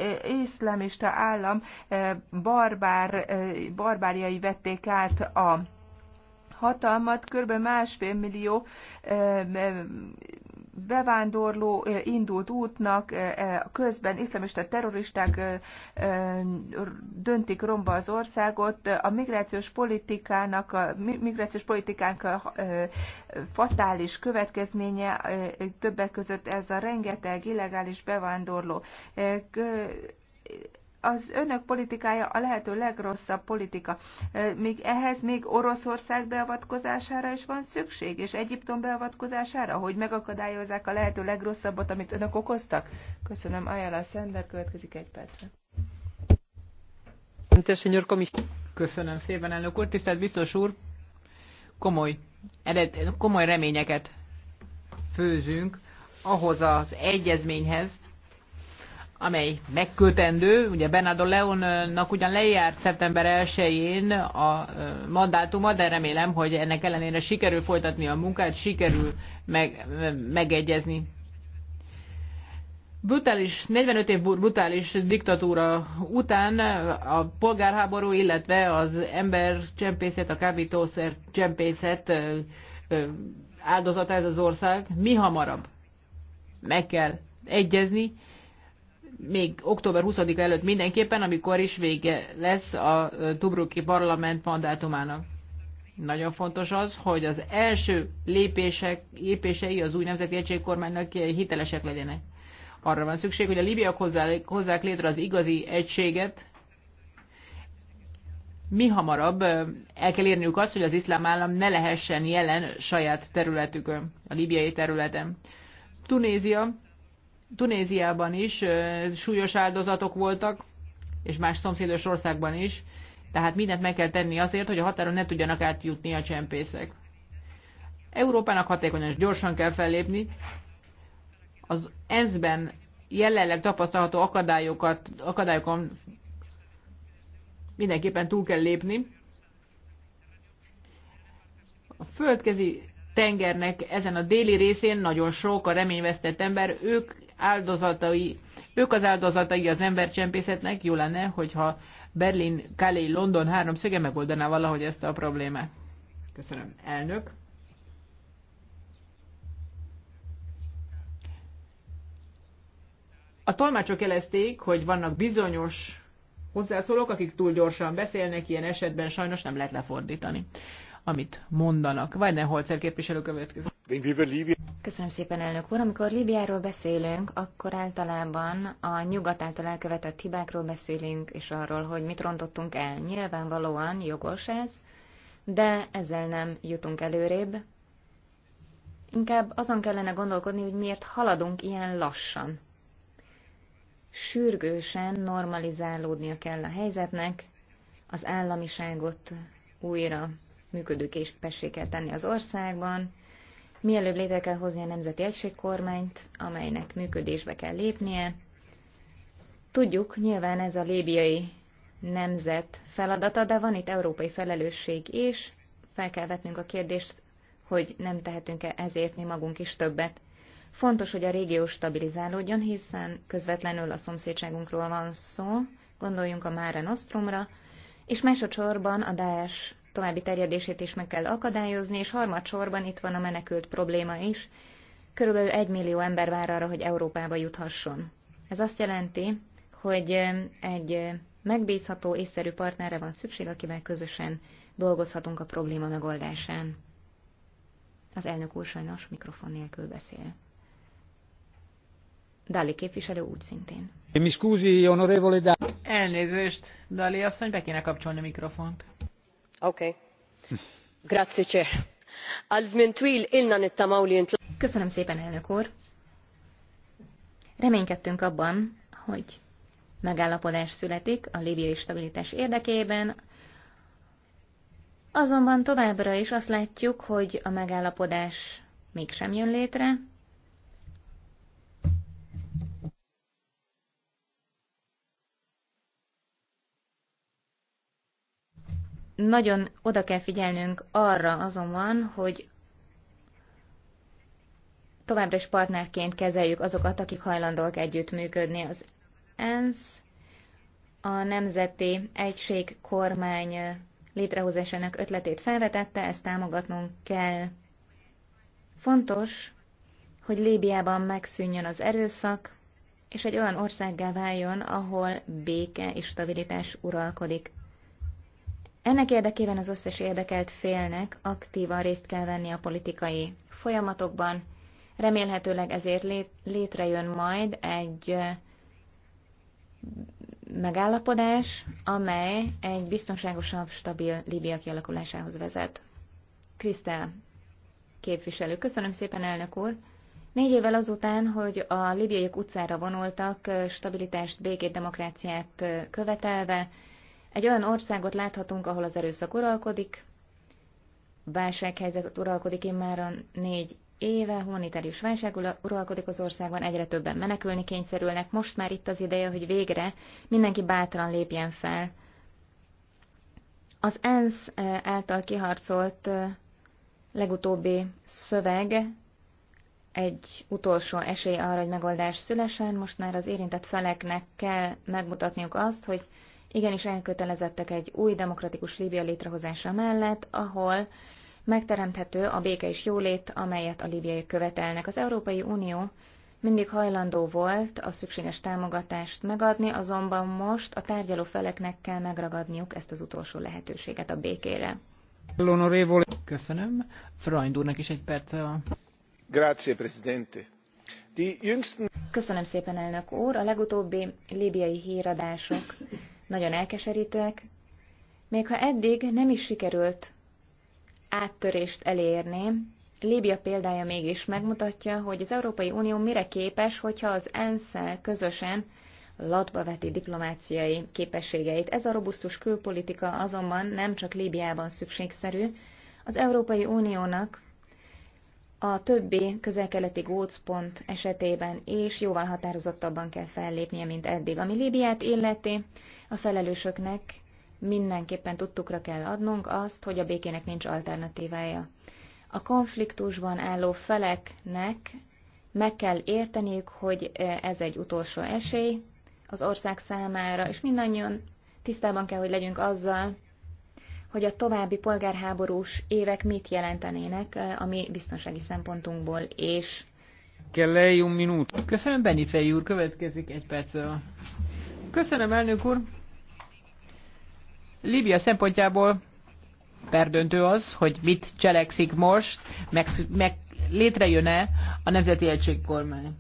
iszlamista állam barbár, barbárjai vették át a hatalmat, kb. másfél millió bevándorló indult útnak, közben iszlamista terroristák döntik romba az országot, a migrációs politikának, a migrációs politikánk a fatális következménye, többek között ez a rengeteg illegális bevándorló az önök politikája a lehető legrosszabb politika. Még ehhez még Oroszország beavatkozására is van szükség, és Egyiptom beavatkozására, hogy megakadályozzák a lehető legrosszabbat, amit önök okoztak. Köszönöm, Ayala Sender, következik egy percre. Köszönöm szépen, elnök úr. Tisztelt biztos úr, komoly, ered, komoly reményeket főzünk ahhoz az egyezményhez, amely megkötendő. Ugye Bernardo Leonnak ugyan lejárt szeptember 1-én a mandátuma, de remélem, hogy ennek ellenére sikerül folytatni a munkát, sikerül meg, megegyezni. Brutális, 45 év brutális diktatúra után a polgárháború, illetve az ember csempészet, a kábítószer csempészet áldozata ez az ország, mi hamarabb meg kell egyezni, még október 20 előtt mindenképpen, amikor is vége lesz a Tubruki parlament mandátumának. Nagyon fontos az, hogy az első lépések, lépései az új nemzeti egységkormánynak hitelesek legyenek. Arra van szükség, hogy a libiak hozzák létre az igazi egységet, mi hamarabb el kell érniük azt, hogy az iszlám állam ne lehessen jelen saját területükön, a libiai területen. Tunézia Tunéziában is súlyos áldozatok voltak, és más szomszédos országban is, tehát mindent meg kell tenni azért, hogy a határon ne tudjanak átjutni a csempészek. Európának hatékonyan és gyorsan kell fellépni. Az ENSZ-ben jelenleg tapasztalható akadályokat, akadályokon mindenképpen túl kell lépni. A földkezi tengernek ezen a déli részén nagyon sok a reményvesztett ember, ők áldozatai, ők az áldozatai az embercsempészetnek, jó lenne, hogyha Berlin, Calais, London háromszöge megoldaná valahogy ezt a problémát. Köszönöm, elnök. A tolmácsok jelezték, hogy vannak bizonyos hozzászólók, akik túl gyorsan beszélnek, ilyen esetben sajnos nem lehet lefordítani amit mondanak. Weidenholzer képviselő következő. Köszönöm szépen, elnök úr. Amikor Líbiáról beszélünk, akkor általában a nyugat által elkövetett hibákról beszélünk, és arról, hogy mit rontottunk el. Nyilvánvalóan jogos ez, de ezzel nem jutunk előrébb. Inkább azon kellene gondolkodni, hogy miért haladunk ilyen lassan. Sürgősen normalizálódnia kell a helyzetnek, az államiságot újra működőképessé kell tenni az országban, mielőbb létre kell hozni a Nemzeti Egységkormányt, amelynek működésbe kell lépnie. Tudjuk, nyilván ez a lébiai nemzet feladata, de van itt európai felelősség is. Fel kell vetnünk a kérdést, hogy nem tehetünk-e ezért mi magunk is többet. Fontos, hogy a régió stabilizálódjon, hiszen közvetlenül a szomszédságunkról van szó, gondoljunk a Mára nostrumra, és másodszorban a Daesh további terjedését is meg kell akadályozni, és harmadsorban itt van a menekült probléma is. Körülbelül egy millió ember vár arra, hogy Európába juthasson. Ez azt jelenti, hogy egy megbízható, észszerű partnerre van szükség, akivel közösen dolgozhatunk a probléma megoldásán. Az elnök úr sajnos mikrofon nélkül beszél. Dali képviselő úgy szintén. Mi scusi, onorevole Dali. Elnézést, Dali asszony, be kéne kapcsolni a mikrofont szépen, Reménykedtünk abban, hogy megállapodás születik a libiai stabilitás érdekében, azonban továbbra is azt látjuk, hogy a megállapodás mégsem jön létre, Nagyon oda kell figyelnünk arra azonban, hogy továbbra is partnerként kezeljük azokat, akik hajlandóak együttműködni. Az ENSZ a Nemzeti Egység kormány létrehozásának ötletét felvetette, ezt támogatnunk kell. Fontos, hogy Líbiában megszűnjön az erőszak, és egy olyan országgá váljon, ahol béke és stabilitás uralkodik. Ennek érdekében az összes érdekelt félnek aktívan részt kell venni a politikai folyamatokban. Remélhetőleg ezért létrejön majd egy megállapodás, amely egy biztonságosabb, stabil Líbia kialakulásához vezet. Krisztel képviselő, köszönöm szépen, elnök úr! Négy évvel azután, hogy a libiaiak utcára vonultak, stabilitást, békét, demokráciát követelve, egy olyan országot láthatunk, ahol az erőszak uralkodik, válsághelyzet uralkodik a négy éve, humanitárius válság uralkodik az országban, egyre többen menekülni kényszerülnek. Most már itt az ideje, hogy végre mindenki bátran lépjen fel. Az ENSZ eh, által kiharcolt eh, legutóbbi szöveg egy utolsó esély arra, hogy megoldás szülesen. Most már az érintett feleknek kell megmutatniuk azt, hogy igenis elkötelezettek egy új demokratikus Líbia létrehozása mellett, ahol megteremthető a béke és jólét, amelyet a líbiaiak követelnek. Az Európai Unió mindig hajlandó volt a szükséges támogatást megadni, azonban most a tárgyaló feleknek kell megragadniuk ezt az utolsó lehetőséget a békére. Köszönöm. Freund úrnak is egy perc. Grazie, Presidente. Köszönöm szépen, elnök úr. A legutóbbi líbiai híradások nagyon elkeserítőek, még ha eddig nem is sikerült áttörést elérni, Líbia példája mégis megmutatja, hogy az Európai Unió mire képes, hogyha az ensz közösen latba veti diplomáciai képességeit. Ez a robusztus külpolitika azonban nem csak Líbiában szükségszerű, az Európai Uniónak a többi közel-keleti gócpont esetében is jóval határozottabban kell fellépnie, mint eddig. Ami Líbiát illeti, a felelősöknek mindenképpen tudtukra kell adnunk azt, hogy a békének nincs alternatívája. A konfliktusban álló feleknek meg kell érteniük, hogy e, ez egy utolsó esély az ország számára, és mindannyian tisztában kell, hogy legyünk azzal, hogy a további polgárháborús évek mit jelentenének eh, a mi biztonsági szempontunkból, és... Kell un minut. Köszönöm, Benni Fej úr, következik egy perc. Köszönöm, elnök úr. Líbia szempontjából perdöntő az, hogy mit cselekszik most, meg, meg létrejön-e a Nemzeti kormány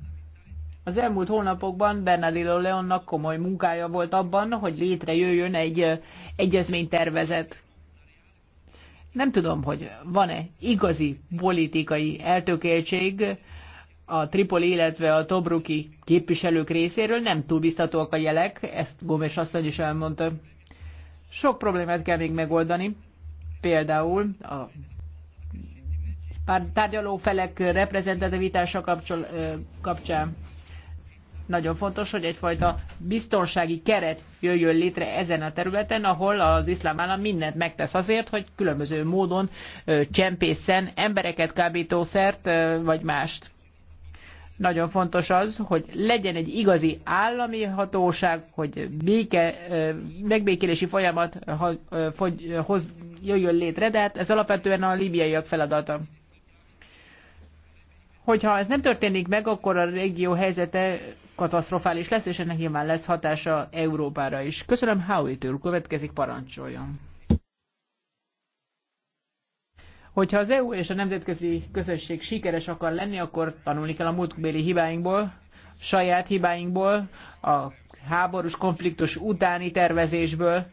Az elmúlt hónapokban Bernardino Leonnak komoly munkája volt abban, hogy létrejöjjön egy eh, egyezménytervezet. Nem tudom, hogy van-e igazi politikai eltökéltség a Tripoli, illetve a Tobruki képviselők részéről. Nem túl biztatóak a jelek, ezt Gómez asszony is elmondta. Sok problémát kell még megoldani, például a pár felek reprezentativitása kapcsol, kapcsán nagyon fontos, hogy egyfajta biztonsági keret jöjjön létre ezen a területen, ahol az iszlám állam mindent megtesz azért, hogy különböző módon csempészen embereket, kábítószert vagy mást nagyon fontos az, hogy legyen egy igazi állami hatóság, hogy béke, megbékélési folyamat hoz, jöjjön létre, de hát ez alapvetően a libiaiak feladata. Hogyha ez nem történik meg, akkor a régió helyzete katasztrofális lesz, és ennek nyilván lesz hatása Európára is. Köszönöm, Howitt úr, következik, parancsoljon. Hogyha az EU és a nemzetközi közösség sikeres akar lenni, akkor tanulni kell a múltbéli hibáinkból, saját hibáinkból, a háborús konfliktus utáni tervezésből,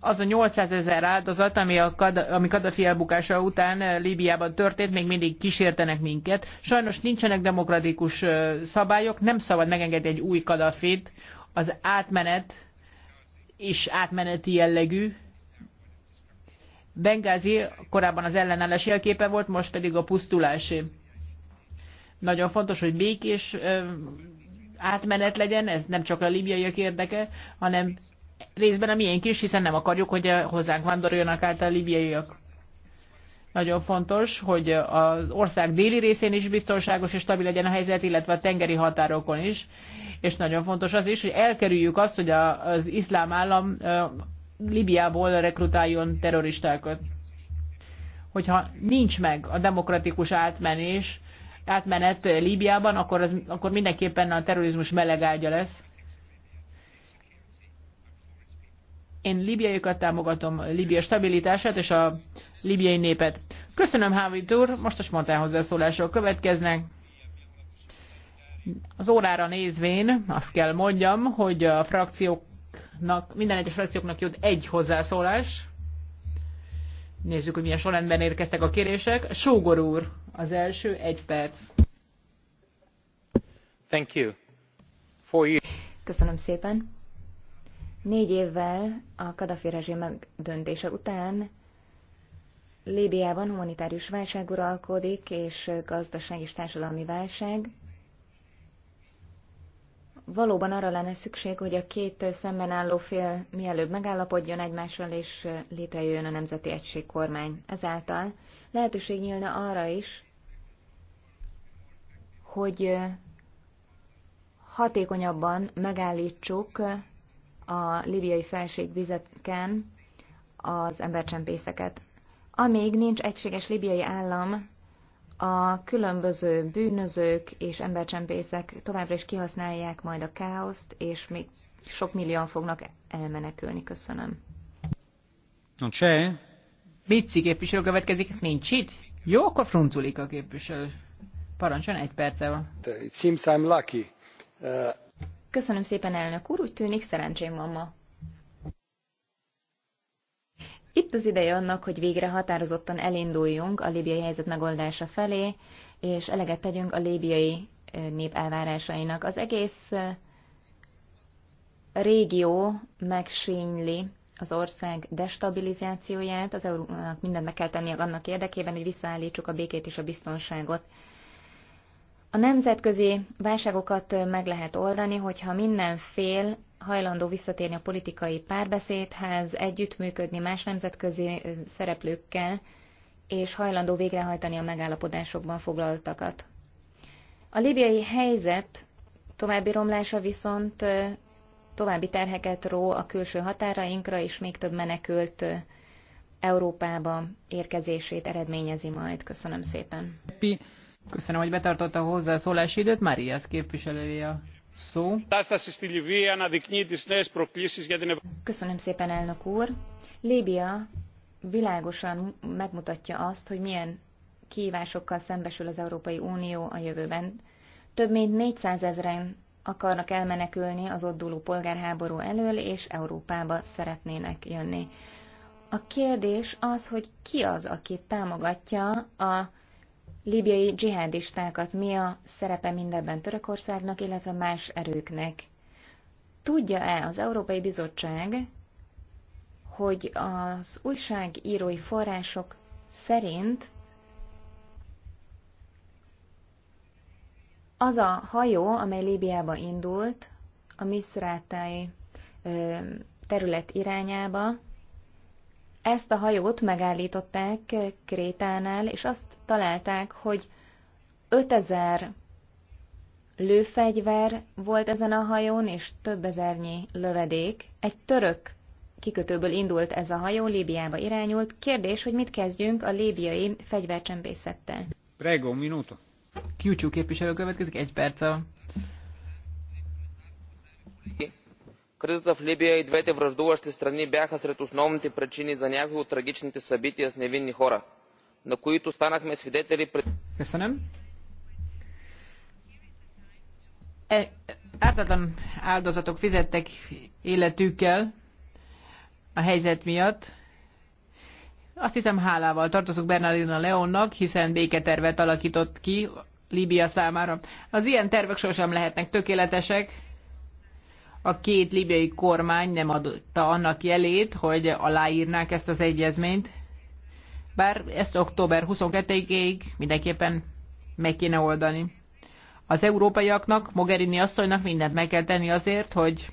az a 800 ezer áldozat, ami, a Kad ami Kadhafi elbukása után eh, Líbiában történt, még mindig kísértenek minket. Sajnos nincsenek demokratikus eh, szabályok, nem szabad megengedni egy új Kadhafit. Az átmenet és átmeneti jellegű. Bengázi korábban az ellenállás jelképe volt, most pedig a pusztulásé. Nagyon fontos, hogy békés eh, átmenet legyen, ez nem csak a libiaiak érdeke, hanem részben a miénk is, hiszen nem akarjuk, hogy eh, hozzánk vándoroljanak át a libiaiak. Nagyon fontos, hogy eh, az ország déli részén is biztonságos és stabil legyen a helyzet, illetve a tengeri határokon is. És nagyon fontos az is, hogy elkerüljük azt, hogy az iszlám állam eh, Libiából rekrutáljon terroristákat. Hogyha nincs meg a demokratikus átmenés, átmenet Líbiában, akkor, az, akkor mindenképpen a terrorizmus melegágya lesz. Én libiaiakat támogatom, Libia stabilitását és a libiai népet. Köszönöm, Hávit úr, most a spontán hozzászólások következnek. Az órára nézvén azt kell mondjam, hogy a frakcióknak, minden egyes frakcióknak jut egy hozzászólás. Nézzük, hogy milyen sorrendben érkeztek a kérések. Sógor úr, az első egy perc. Thank you. For you. Köszönöm szépen. Négy évvel a Kadafi rezsim megdöntése után Líbiában humanitárius válság uralkodik, és gazdaság és társadalmi válság. Valóban arra lenne szükség, hogy a két szemben álló fél mielőbb megállapodjon egymással, és létrejöjjön a Nemzeti Egység kormány. Ezáltal lehetőség nyílna arra is, hogy hatékonyabban megállítsuk a libiai felségvizeken az embercsempészeket. Amíg nincs egységes libiai állam, a különböző bűnözők és embercsempészek továbbra is kihasználják majd a káoszt, és még sok millióan fognak elmenekülni. Köszönöm. Nincs -e? Bici képviselő következik, nincs itt? Jó, akkor fruncolik a képviselő. Parancsoljon, egy perce van. It seems I'm lucky. Uh... Köszönöm szépen, elnök úr, úgy tűnik szerencsém van ma. Itt az ideje annak, hogy végre határozottan elinduljunk a líbiai helyzet megoldása felé, és eleget tegyünk a líbiai eh, nép elvárásainak. Az egész eh, régió megsényli az ország destabilizációját, az EU-nak mindent meg kell tennie annak érdekében, hogy visszaállítsuk a békét és a biztonságot a nemzetközi válságokat meg lehet oldani, hogyha minden fél hajlandó visszatérni a politikai párbeszédhez, együttműködni más nemzetközi szereplőkkel, és hajlandó végrehajtani a megállapodásokban foglaltakat. A libiai helyzet további romlása viszont további terheket ró a külső határainkra, és még több menekült Európába érkezését eredményezi majd. Köszönöm szépen. Köszönöm, hogy betartotta a hozzászólási időt. Marias képviselője a szó. Köszönöm szépen, elnök úr. Líbia világosan megmutatja azt, hogy milyen kihívásokkal szembesül az Európai Unió a jövőben. Több mint 400 ezeren akarnak elmenekülni az ott dúló polgárháború elől, és Európába szeretnének jönni. A kérdés az, hogy ki az, aki támogatja a libiai dzsihádistákat, mi a szerepe mindebben Törökországnak, illetve más erőknek. Tudja-e az Európai Bizottság, hogy az újságírói források szerint az a hajó, amely Líbiába indult, a Misrátáj terület irányába, ezt a hajót megállították Krétánál, és azt találták, hogy 5000 lőfegyver volt ezen a hajón, és több ezernyi lövedék. Egy török kikötőből indult ez a hajó, Líbiába irányult. Kérdés, hogy mit kezdjünk a líbiai fegyvercsempészettel? Prego, minuto. Kiúcsú képviselő következik, egy perc a кризата в либия и двете враждуващи страни бяха сред основните причини за някои от трагичните събития с невинни хора на които станахме свидетели пред... ártatlan áldozatok fizettek életükkel a helyzet miatt. Azt hiszem hálával tartozok Bernardino Leonnak, hiszen béketervet alakított ki Líbia számára. Az ilyen tervek sosem lehetnek tökéletesek, a két libiai kormány nem adta annak jelét, hogy aláírnák ezt az egyezményt, bár ezt október 22-ig mindenképpen meg kéne oldani. Az európaiaknak, Mogherini asszonynak mindent meg kell tenni azért, hogy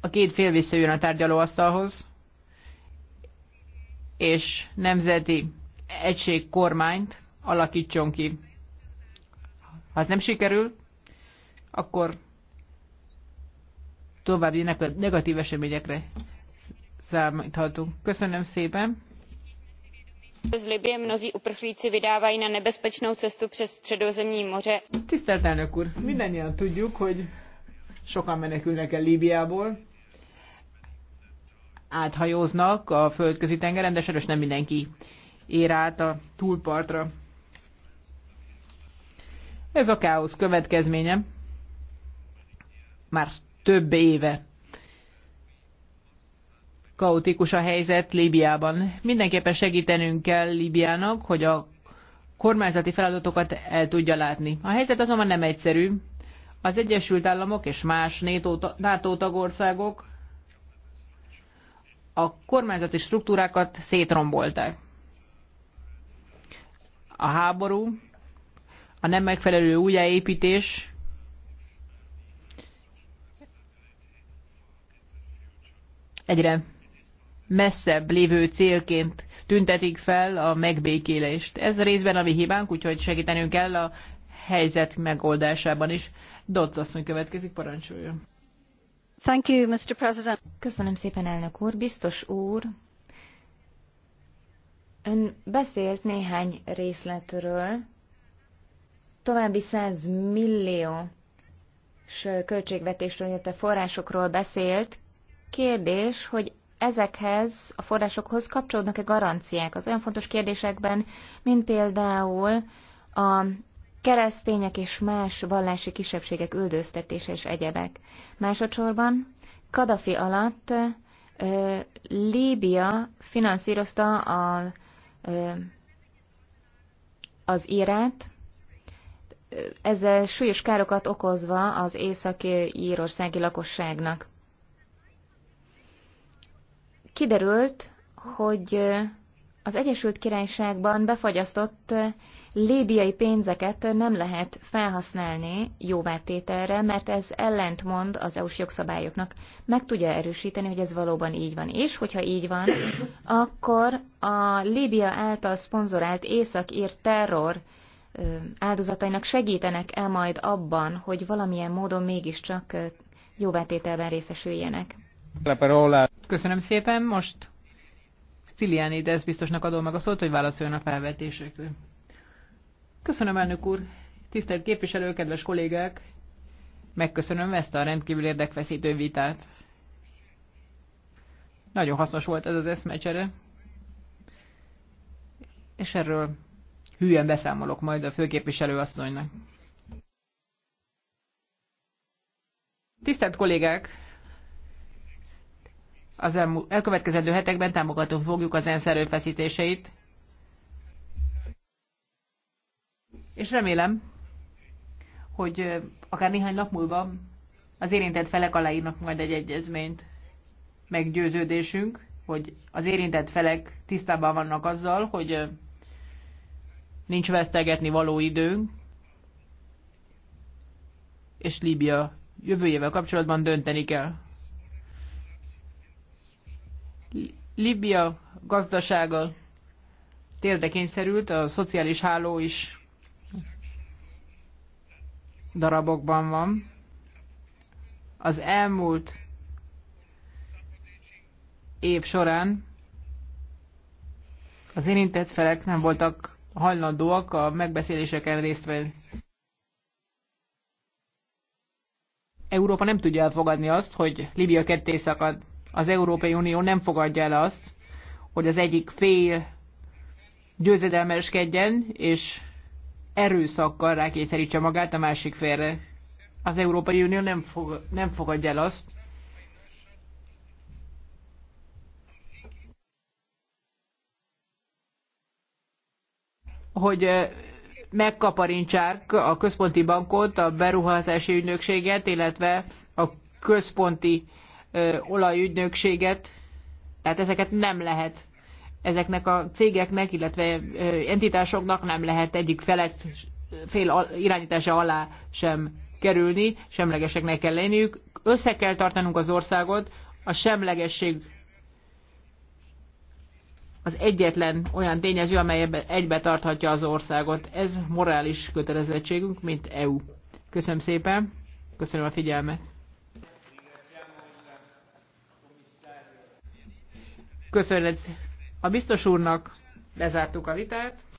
a két fél visszajön a tárgyalóasztalhoz, és nemzeti egység kormányt alakítson ki. Ha ez nem sikerül, akkor további negatív eseményekre számíthatunk. Köszönöm szépen! z libye mnozí uprchlíci vydávají na nebezpečnou cestu přes středozemní moře. Tisztelt elnök úr, mindannyian tudjuk, hogy sokan menekülnek el Líbiából, áthajóznak a földközi tengeren, de sajnos nem mindenki ér át a túlpartra. Ez a káosz következménye. Már több éve. Kaotikus a helyzet Líbiában. Mindenképpen segítenünk kell Líbiának, hogy a kormányzati feladatokat el tudja látni. A helyzet azonban nem egyszerű. Az Egyesült Államok és más NATO tagországok a kormányzati struktúrákat szétrombolták. A háború, a nem megfelelő újjáépítés egyre messzebb lévő célként tüntetik fel a megbékélést. Ez részben a mi hibánk, úgyhogy segítenünk kell a helyzet megoldásában is. Dodds asszony következik, parancsoljon. Thank you, Mr. President. Köszönöm szépen, elnök úr. Biztos úr, ön beszélt néhány részletről, további 100 millió költségvetésről, illetve forrásokról beszélt, kérdés, hogy ezekhez a forrásokhoz kapcsolódnak-e garanciák az olyan fontos kérdésekben, mint például a keresztények és más vallási kisebbségek üldöztetése és egyebek. Másodszorban Kadafi alatt ö, Líbia finanszírozta a, ö, az írát, ezzel súlyos károkat okozva az északi írországi lakosságnak. Kiderült, hogy az Egyesült Királyságban befagyasztott líbiai pénzeket nem lehet felhasználni jóvátételre, mert ez ellentmond az EU-s jogszabályoknak. Meg tudja erősíteni, hogy ez valóban így van. És hogyha így van, akkor a Líbia által szponzorált északír terror áldozatainak segítenek-e majd abban, hogy valamilyen módon mégiscsak jóvátételben részesüljenek? Köszönöm szépen, most ez biztosnak adom meg a szót, hogy válaszoljon a felvetésekre. Köszönöm, elnök úr! Tisztelt képviselő, kedves kollégák! Megköszönöm ezt a rendkívül érdekfeszítő vitát. Nagyon hasznos volt ez az eszmecsere, és erről hűen beszámolok majd a főképviselő asszonynak. Tisztelt kollégák! az elkövetkezendő hetekben támogató fogjuk az ENSZ erőfeszítéseit. És remélem, hogy akár néhány nap múlva az érintett felek aláírnak majd egy egyezményt. Meggyőződésünk, hogy az érintett felek tisztában vannak azzal, hogy nincs vesztegetni való időnk, és Líbia jövőjével kapcsolatban dönteni kell. Libia gazdasága térdekényszerült, a szociális háló is darabokban van. Az elmúlt év során az érintett felek nem voltak hajlandóak a megbeszéléseken részt venni. Európa nem tudja elfogadni azt, hogy Libia ketté szakad az Európai Unió nem fogadja el azt, hogy az egyik fél győzedelmeskedjen, és erőszakkal rákényszerítse magát a másik félre. Az Európai Unió nem, fog, nem fogadja el azt, hogy megkaparintsák a központi bankot, a beruházási ügynökséget, illetve a központi olajügynökséget, tehát ezeket nem lehet ezeknek a cégeknek, illetve entitásoknak nem lehet egyik felett fél irányítása alá sem kerülni, semlegeseknek kell lenniük. Össze kell tartanunk az országot, a semlegesség az egyetlen olyan tényező, amely egybe tarthatja az országot. Ez morális kötelezettségünk, mint EU. Köszönöm szépen, köszönöm a figyelmet. Köszönet a biztos úrnak, lezártuk a vitát.